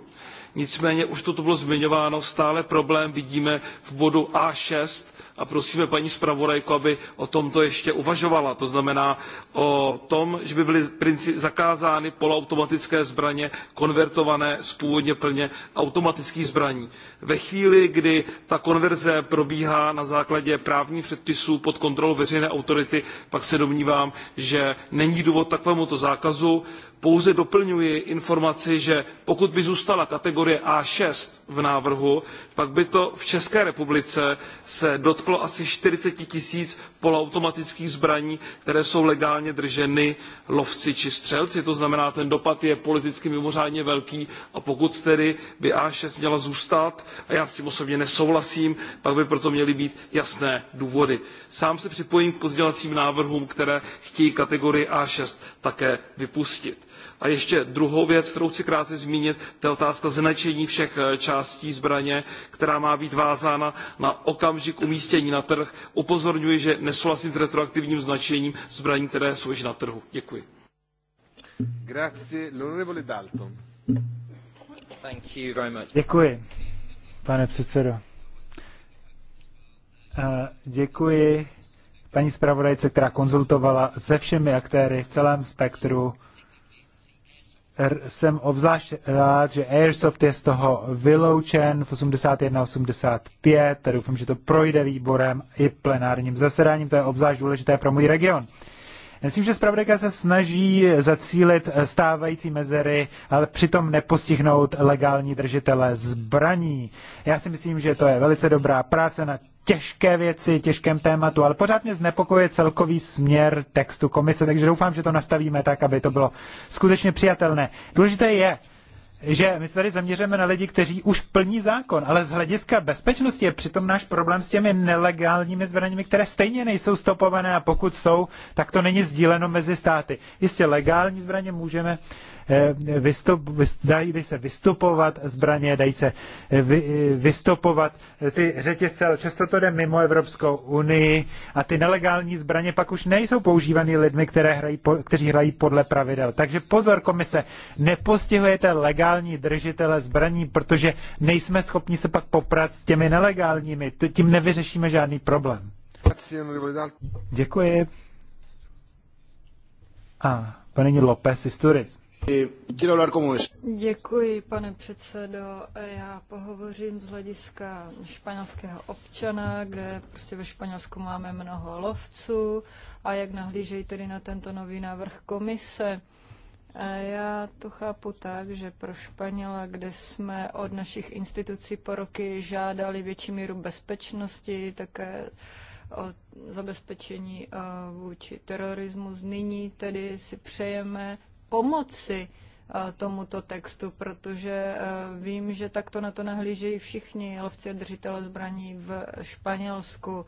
nicméně už toto bylo zmiňováno stále problém vidíme v bodu a six a prosíme paní zpravodajku aby o tomto ještě uvažovala to znamená o tom že by byly zakázány poloautomatické zbraně konvertované z původně plně automatických zbraní. ve chvíli kdy ta konverze probíhá na základě právních předpisů pod kontrolou veřejné autority pak se domnívám že není důvod k takovémuto zákazu pouze doplňuji informaci že pokud by zůstala kategorie a six v návrhu pak by to v české republice se dotklo asi čtyřiceti tisíc poloautomatických zbraní které jsou legálně drženy lovci či střelci to znamená ten dopad je politicky mimořádně velký a pokud tedy by a six měla zůstat a já s tím osobně nesouhlasím pak by pro to měly být jasné důvody. sám se připojím k pozměňovacím návrhům které chtějí kategorii a six také vypustit a ještě druhou věc, kterou chci krátce zmínit, to je otázka značení všech eh, částí zbraně, která má být vázána na okamžik umístění na trh. Upozorňuji, že nesouhlasím s retroaktivním značením zbraní, které jsou již na trhu. Děkuji. Děkuji, pane předsedo. Eh, děkuji paní zpravodajce, která konzultovala se všemi aktéry v celém spektru jsem obzvlášť rád, že Airsoft je z toho vyloučen v 81-85. Doufám, že to projde výborem i plenárním zasedáním. To je obzvlášť důležité pro můj region. Myslím, že zpravodajka se snaží zacílit stávající mezery, ale přitom nepostihnout legální držitele zbraní. Já si myslím, že to je velice dobrá práce na těžké věci, těžkém tématu, ale pořád mě znepokojuje celkový směr textu komise, takže doufám, že to nastavíme tak, aby to bylo skutečně přijatelné. Důležité je, že my se tady zaměřujeme na lidi, kteří už plní zákon, ale z hlediska bezpečnosti je přitom náš problém s těmi nelegálními zbraněmi, které stejně nejsou stopované a pokud jsou, tak to není sdíleno mezi státy. Jistě legální zbraně můžeme eh, vystup, dají, dají se vystupovat zbraně, dají se eh, vy, eh, vystupovat ty řetězce, ale často to jde mimo Evropskou unii a ty nelegální zbraně pak už nejsou používané lidmi, které hrají, kteří hrají podle pravidel. Takže pozor komise, nepostihujete legální legální držitele zbraní, protože nejsme schopni se pak poprat s těmi nelegálními. Tím nevyřešíme žádný problém. Děkuji. A pane López Isturiz. Děkuji, pane předsedo. Já pohovořím z hlediska španělského občana, kde prostě ve Španělsku máme mnoho lovců a jak nahlížejí tedy na tento nový návrh komise. A já to chápu tak, že pro Španěla, kde jsme od našich institucí po roky žádali větší míru bezpečnosti, také o zabezpečení vůči terorismu. Nyní tedy si přejeme pomoci tomuto textu, protože vím, že takto na to nahlížejí všichni lovci a držitele zbraní v Španělsku.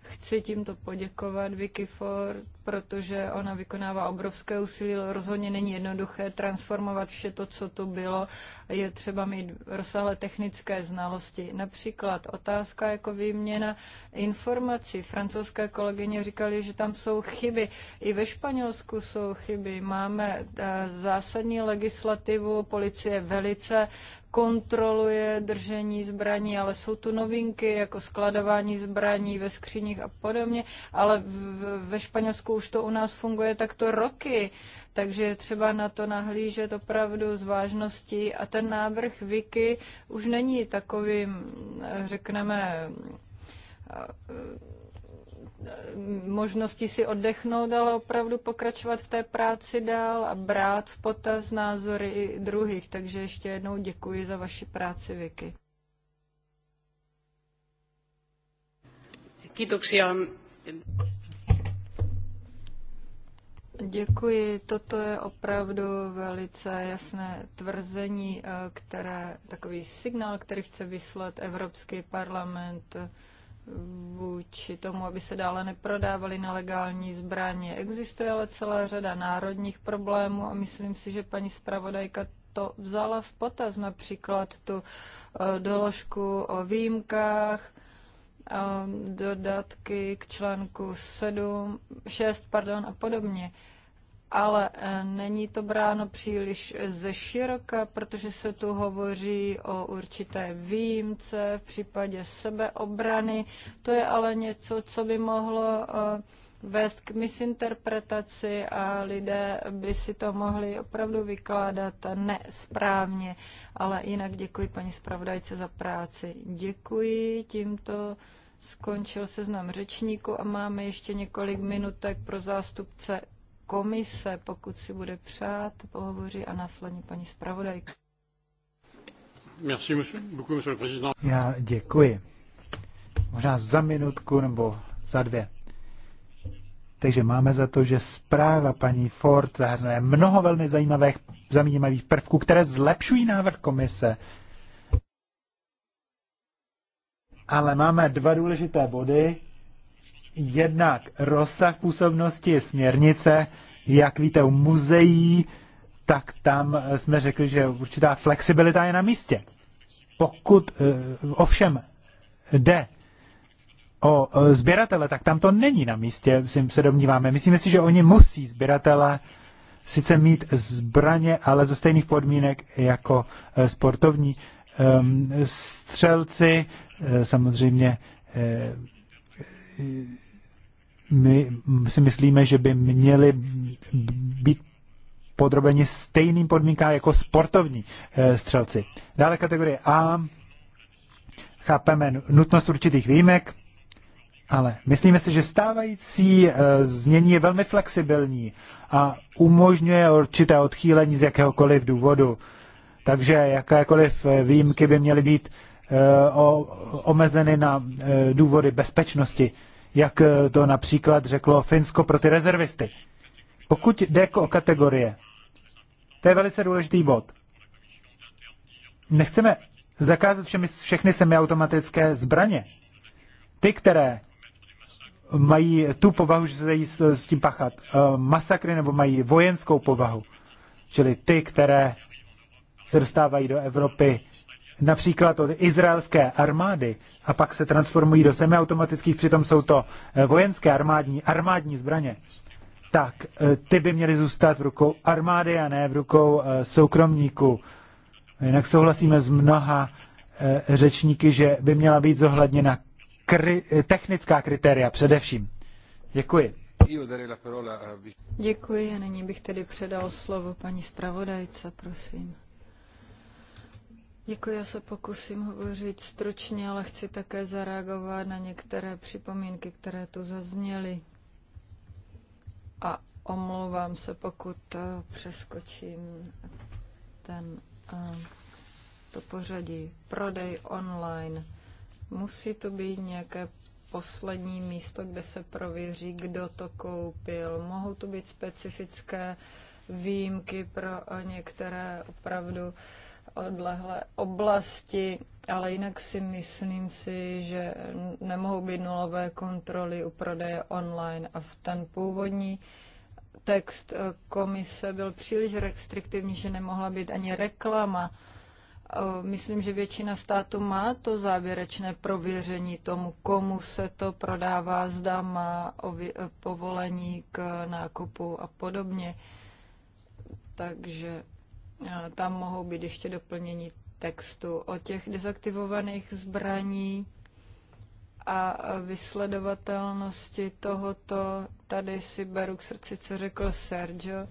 Chci tímto poděkovat Vicky Ford, protože ona vykonává obrovské úsilí. Rozhodně není jednoduché transformovat vše to, co tu bylo. Je třeba mít rozsáhlé technické znalosti. Například otázka jako výměna informací. Francouzské kolegyně říkali, že tam jsou chyby. I ve Španělsku jsou chyby. Máme eh, zásadní legislativu, policie velice kontroluje držení zbraní, ale jsou tu novinky jako skladování zbraní ve skříních a podobně, ale ve Španělsku už to u nás funguje takto roky, takže je třeba na to nahlížet opravdu s vážností a ten návrh Viki už není takovým, řekneme, možnosti si oddechnout, ale opravdu pokračovat v té práci dál a brát v potaz názory i druhých. Takže ještě jednou děkuji za vaši práci, Vicky. Kiitoksia. Děkuji. Toto je opravdu velice jasné tvrzení, eh, které, takový signál, který chce vyslat Evropský parlament eh, vůči tomu, aby se dále neprodávaly nelegální zbraně. Existuje ale celá řada národních problémů a myslím si, že paní zpravodajka to vzala v potaz, například tu eh, doložku o výjimkách, dodatky k článku 7, 6 pardon, a podobně. Ale e, není to bráno příliš ze široka, protože se tu hovoří o určité výjimce v případě sebeobrany. To je ale něco, co by mohlo e, vést k misinterpretaci a lidé by si to mohli opravdu vykládat nesprávně. Ale jinak děkuji paní zpravodajce za práci. Děkuji tímto. Skončil seznam řečníků a máme ještě několik minutek pro zástupce komise, pokud si bude přát, pohovoří a následně paní zpravodajka. Já děkuji. Možná za minutku nebo za dvě. Takže máme za to, že zpráva paní Ford zahrnuje mnoho velmi zajímavých, zajímavých prvků, které zlepšují návrh komise ale máme dva důležité body. Jednak rozsah působnosti směrnice, jak víte, u muzeí, tak tam eh, jsme řekli, že určitá flexibilita je na místě. Pokud eh, ovšem jde o eh, sběratele, tak tam to není na místě, se domníváme. Myslíme si, že oni musí sběratele sice mít zbraně, ale ze stejných podmínek jako sportovní Ehm, střelci, eh, samozřejmě eh, my si myslíme, že by měli být podrobeni stejným podmínkám jako sportovní eh, střelci. Dále kategorie A. Chápeme nutnost určitých výjimek, ale myslíme si, že stávající znění je velmi flexibilní a umožňuje určité odchýlení z jakéhokoliv důvodu. Takže jakékoliv eh, výjimky by měly být eh, omezeny na eh, důvody bezpečnosti, jak to například řeklo Finsko pro ty rezervisty. Pokud jde o kategorie, to je velice důležitý bod. Nechceme zakázat všemi, všechny semiautomatické zbraně. Ty, které mají tu povahu, že se s tím pachat masakry, nebo mají vojenskou povahu. Čili ty, které se dostávají do Evropy například od izraelské armády a pak se transformují do semiautomatických, přitom jsou to eh, vojenské armádní, armádní zbraně, tak eh, ty by měly zůstat v rukou armády a ne v rukou eh, soukromníků. Jinak souhlasíme s mnoha řečníky, že by měla být zohledněna kri- technická kritéria především. Děkuji. Děkuji a nyní bych tedy předal slovo paní zpravodajce, prosím. Děkuji, já se pokusím hovořit stručně, ale chci také zareagovat na některé připomínky, které tu zazněly. A omlouvám se, pokud eh, přeskočím ten, eh, to pořadí. Prodej online. Musí to být nějaké poslední místo, kde se prověří, kdo to koupil. Mohou to být specifické výjimky pro eh, některé opravdu uh, odlehlé oblasti, ale jinak si myslím si, že nemohou být nulové kontroly u prodeje online a v ten původní text eh, komise byl příliš restriktivní, že nemohla být ani reklama. Eh, myslím, že většina států má to závěrečné prověření tomu, komu se to prodává, zda má eh, povolení k nákupu a podobně. Takže tam mohou být ještě doplnění textu o těch dezaktivovaných zbraní a vysledovatelnosti tohoto. Tady si beru k srdci, co řekl Sergio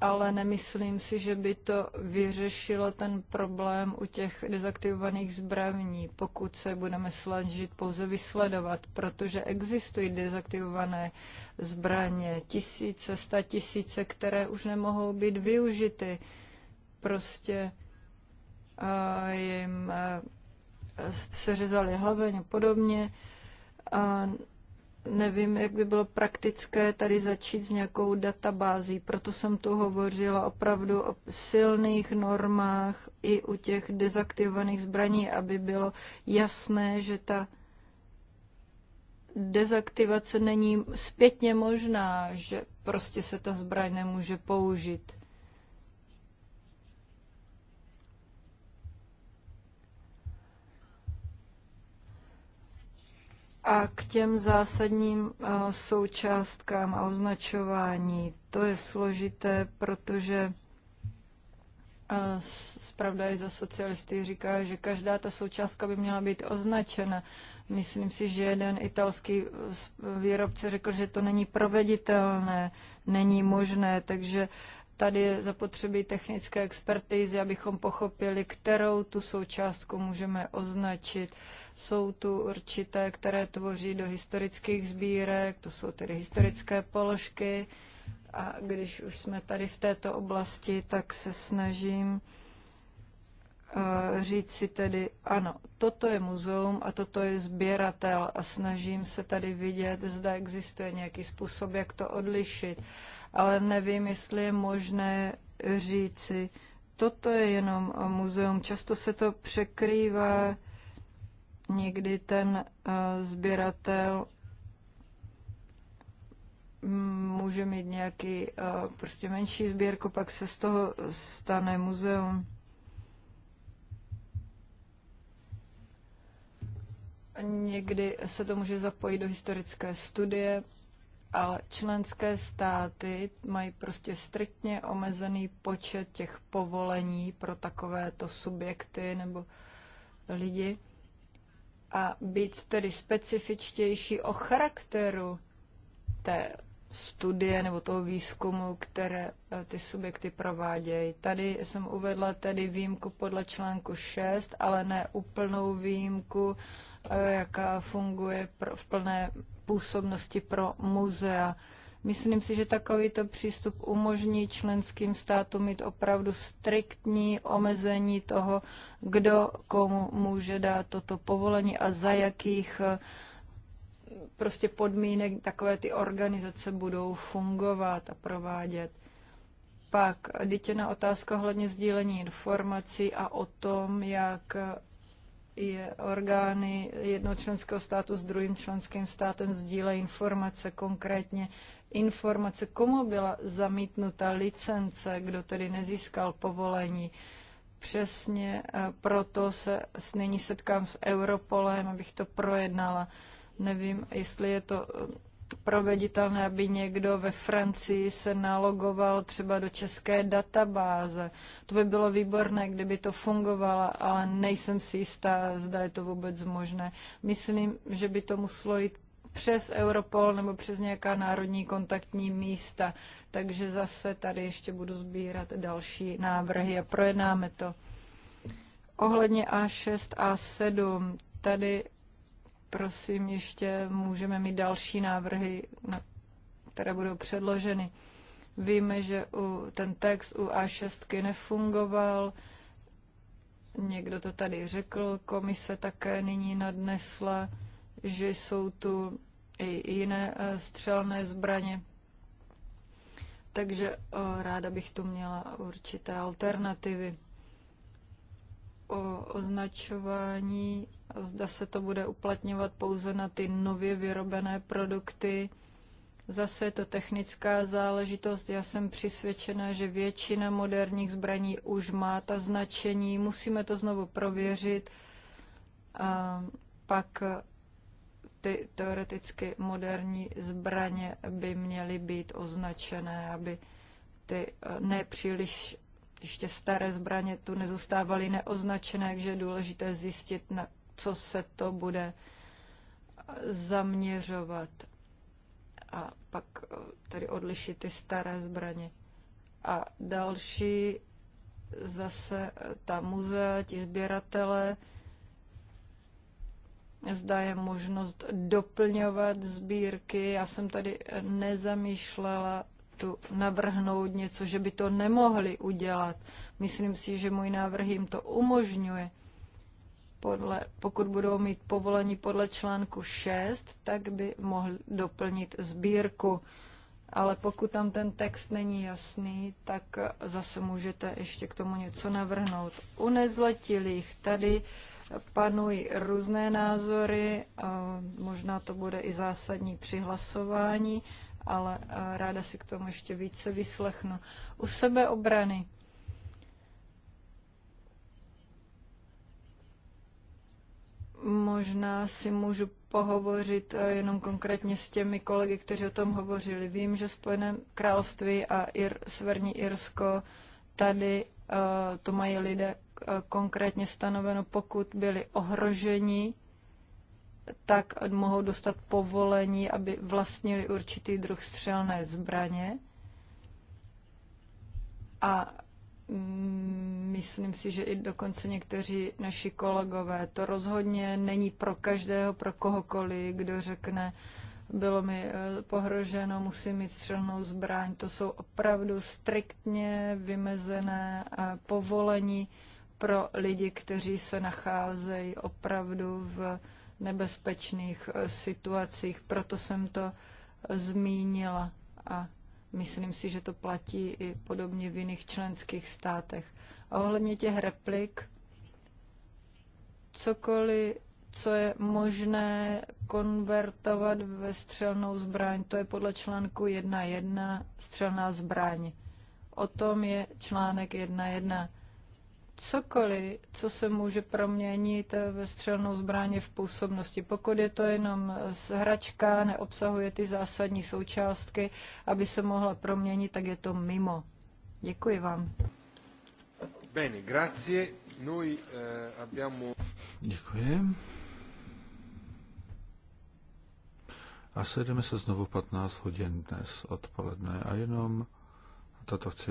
ale nemyslím si, že by to vyřešilo ten problém u těch dezaktivovaných zbraní, pokud se budeme snažit pouze vysledovat, protože existují dezaktivované zbraně, tisíce, sta tisíce, které už nemohou být využity. Prostě jim seřezali hlaveň a podobně. A nevím, jak by bylo praktické tady začít s nějakou databází, proto jsem tu hovořila opravdu o silných normách i u těch dezaktivovaných zbraní, aby bylo jasné, že ta dezaktivace není zpětně možná, že prostě se ta zbraň nemůže použít. A k těm zásadním eh, součástkám a označování, to je složité, protože i eh, za socialisty říká, že každá ta součástka by měla být označena. Myslím si, že jeden italský eh, výrobce řekl, že to není proveditelné, není možné, takže tady je zapotřebí technické expertizy, abychom pochopili, kterou tu součástku můžeme označit. Jsou tu určité, které tvoří do historických sbírek, to jsou tedy historické položky. A když už jsme tady v této oblasti, tak se snažím eh, říct si tedy, ano, toto je muzeum a toto je sběratel a snažím se tady vidět, zda existuje nějaký způsob, jak to odlišit. Ale nevím, jestli je možné říci, toto je jenom muzeum. Často se to překrývá Někdy ten eh, sběratel může mít nějaký eh, prostě menší sbírku, pak se z toho stane muzeum. Někdy se to může zapojit do historické studie, ale členské státy mají prostě striktně omezený počet těch povolení pro takovéto subjekty nebo lidi a být tedy specifičtější o charakteru té studie nebo toho výzkumu, které eh, ty subjekty provádějí. Tady jsem uvedla tedy výjimku podle článku 6, ale ne úplnou výjimku, eh, jaká funguje v plné působnosti pro muzea. Myslím si, že takovýto přístup umožní členským státům mít opravdu striktní omezení toho, kdo komu může dát toto povolení a za jakých eh, prostě podmínek takové ty organizace budou fungovat a provádět. Pak na otázka ohledně sdílení informací a o tom, jak je orgány jednočlenského státu s druhým členským státem sdílejí informace, konkrétně informace, komu byla zamítnuta licence, kdo tedy nezískal povolení. Přesně eh, proto se nyní setkám s Europolem, abych to projednala. Nevím, jestli je to eh, proveditelné, aby někdo ve Francii se nalogoval třeba do české databáze. To by bylo výborné, kdyby to fungovalo, ale nejsem si jistá, zda je to vůbec možné. Myslím, že by to muselo jít přes Europol nebo přes nějaká národní kontaktní místa. Takže zase tady ještě budu sbírat další návrhy a projednáme to. Ohledně A6 a 7, tady prosím ještě můžeme mít další návrhy, které budou předloženy. Víme, že u, ten text u A6 nefungoval, někdo to tady řekl, komise také nyní nadnesla že jsou tu i jiné e, střelné zbraně. Takže e, ráda bych tu měla určité alternativy o označování, zda se to bude uplatňovat pouze na ty nově vyrobené produkty. Zase je to technická záležitost. Já jsem přisvědčena, že většina moderních zbraní už má ta značení. Musíme to znovu prověřit. A pak ty teoreticky moderní zbraně by měly být označené, aby ty eh, nepříliš ještě staré zbraně tu nezůstávaly neoznačené, takže je důležité zjistit, na co se to bude eh, zaměřovat a pak eh, tedy odlišit ty staré zbraně. A další zase ta muzea, ti sběratele, zda je možnost doplňovat sbírky. Já jsem tady nezamýšlela tu navrhnout něco, že by to nemohli udělat. Myslím si, že můj návrh jim to umožňuje. Podle, pokud budou mít povolení podle článku 6, tak by mohl doplnit sbírku. Ale pokud tam ten text není jasný, tak zase můžete ještě k tomu něco navrhnout. U nezletilých tady panují různé názory, a možná to bude i zásadní při hlasování, ale ráda si k tomu ještě více vyslechnu. U sebe obrany Možná si můžu pohovořit e, jenom konkrétně s těmi kolegy, kteří o tom hovořili. Vím, že Spojené království a Ir, Severní Irsko tady uh, to mají lidé Eh, konkrétně stanoveno, pokud byli ohroženi, tak mohou dostat povolení, aby vlastnili určitý druh střelné zbraně. A mm, myslím si, že i dokonce někteří naši kolegové. To rozhodně není pro každého, pro kohokoliv, kdo řekne, bylo mi eh, pohroženo, musím mít střelnou zbraň. To jsou opravdu striktně vymezené eh, povolení pro lidi, kteří se nacházejí opravdu v nebezpečných eh, situacích. Proto jsem to eh, zmínila a myslím si, že to platí i podobně v jiných členských státech. A ohledně těch replik, cokoliv, co je možné konvertovat ve střelnou zbraň, to je podle článku 1.1 střelná zbraň. O tom je článek 1.1 cokoliv, co se může proměnit ve střelnou zbraně v působnosti. Pokud je to jenom hračka, neobsahuje ty zásadní součástky, aby se mohla proměnit, tak je to mimo. Děkuji vám. Bene, grazie. Noi eh, abbiamo... Děkuji. A sedeme se znovu 15 hodin dnes odpoledne a jenom toto chci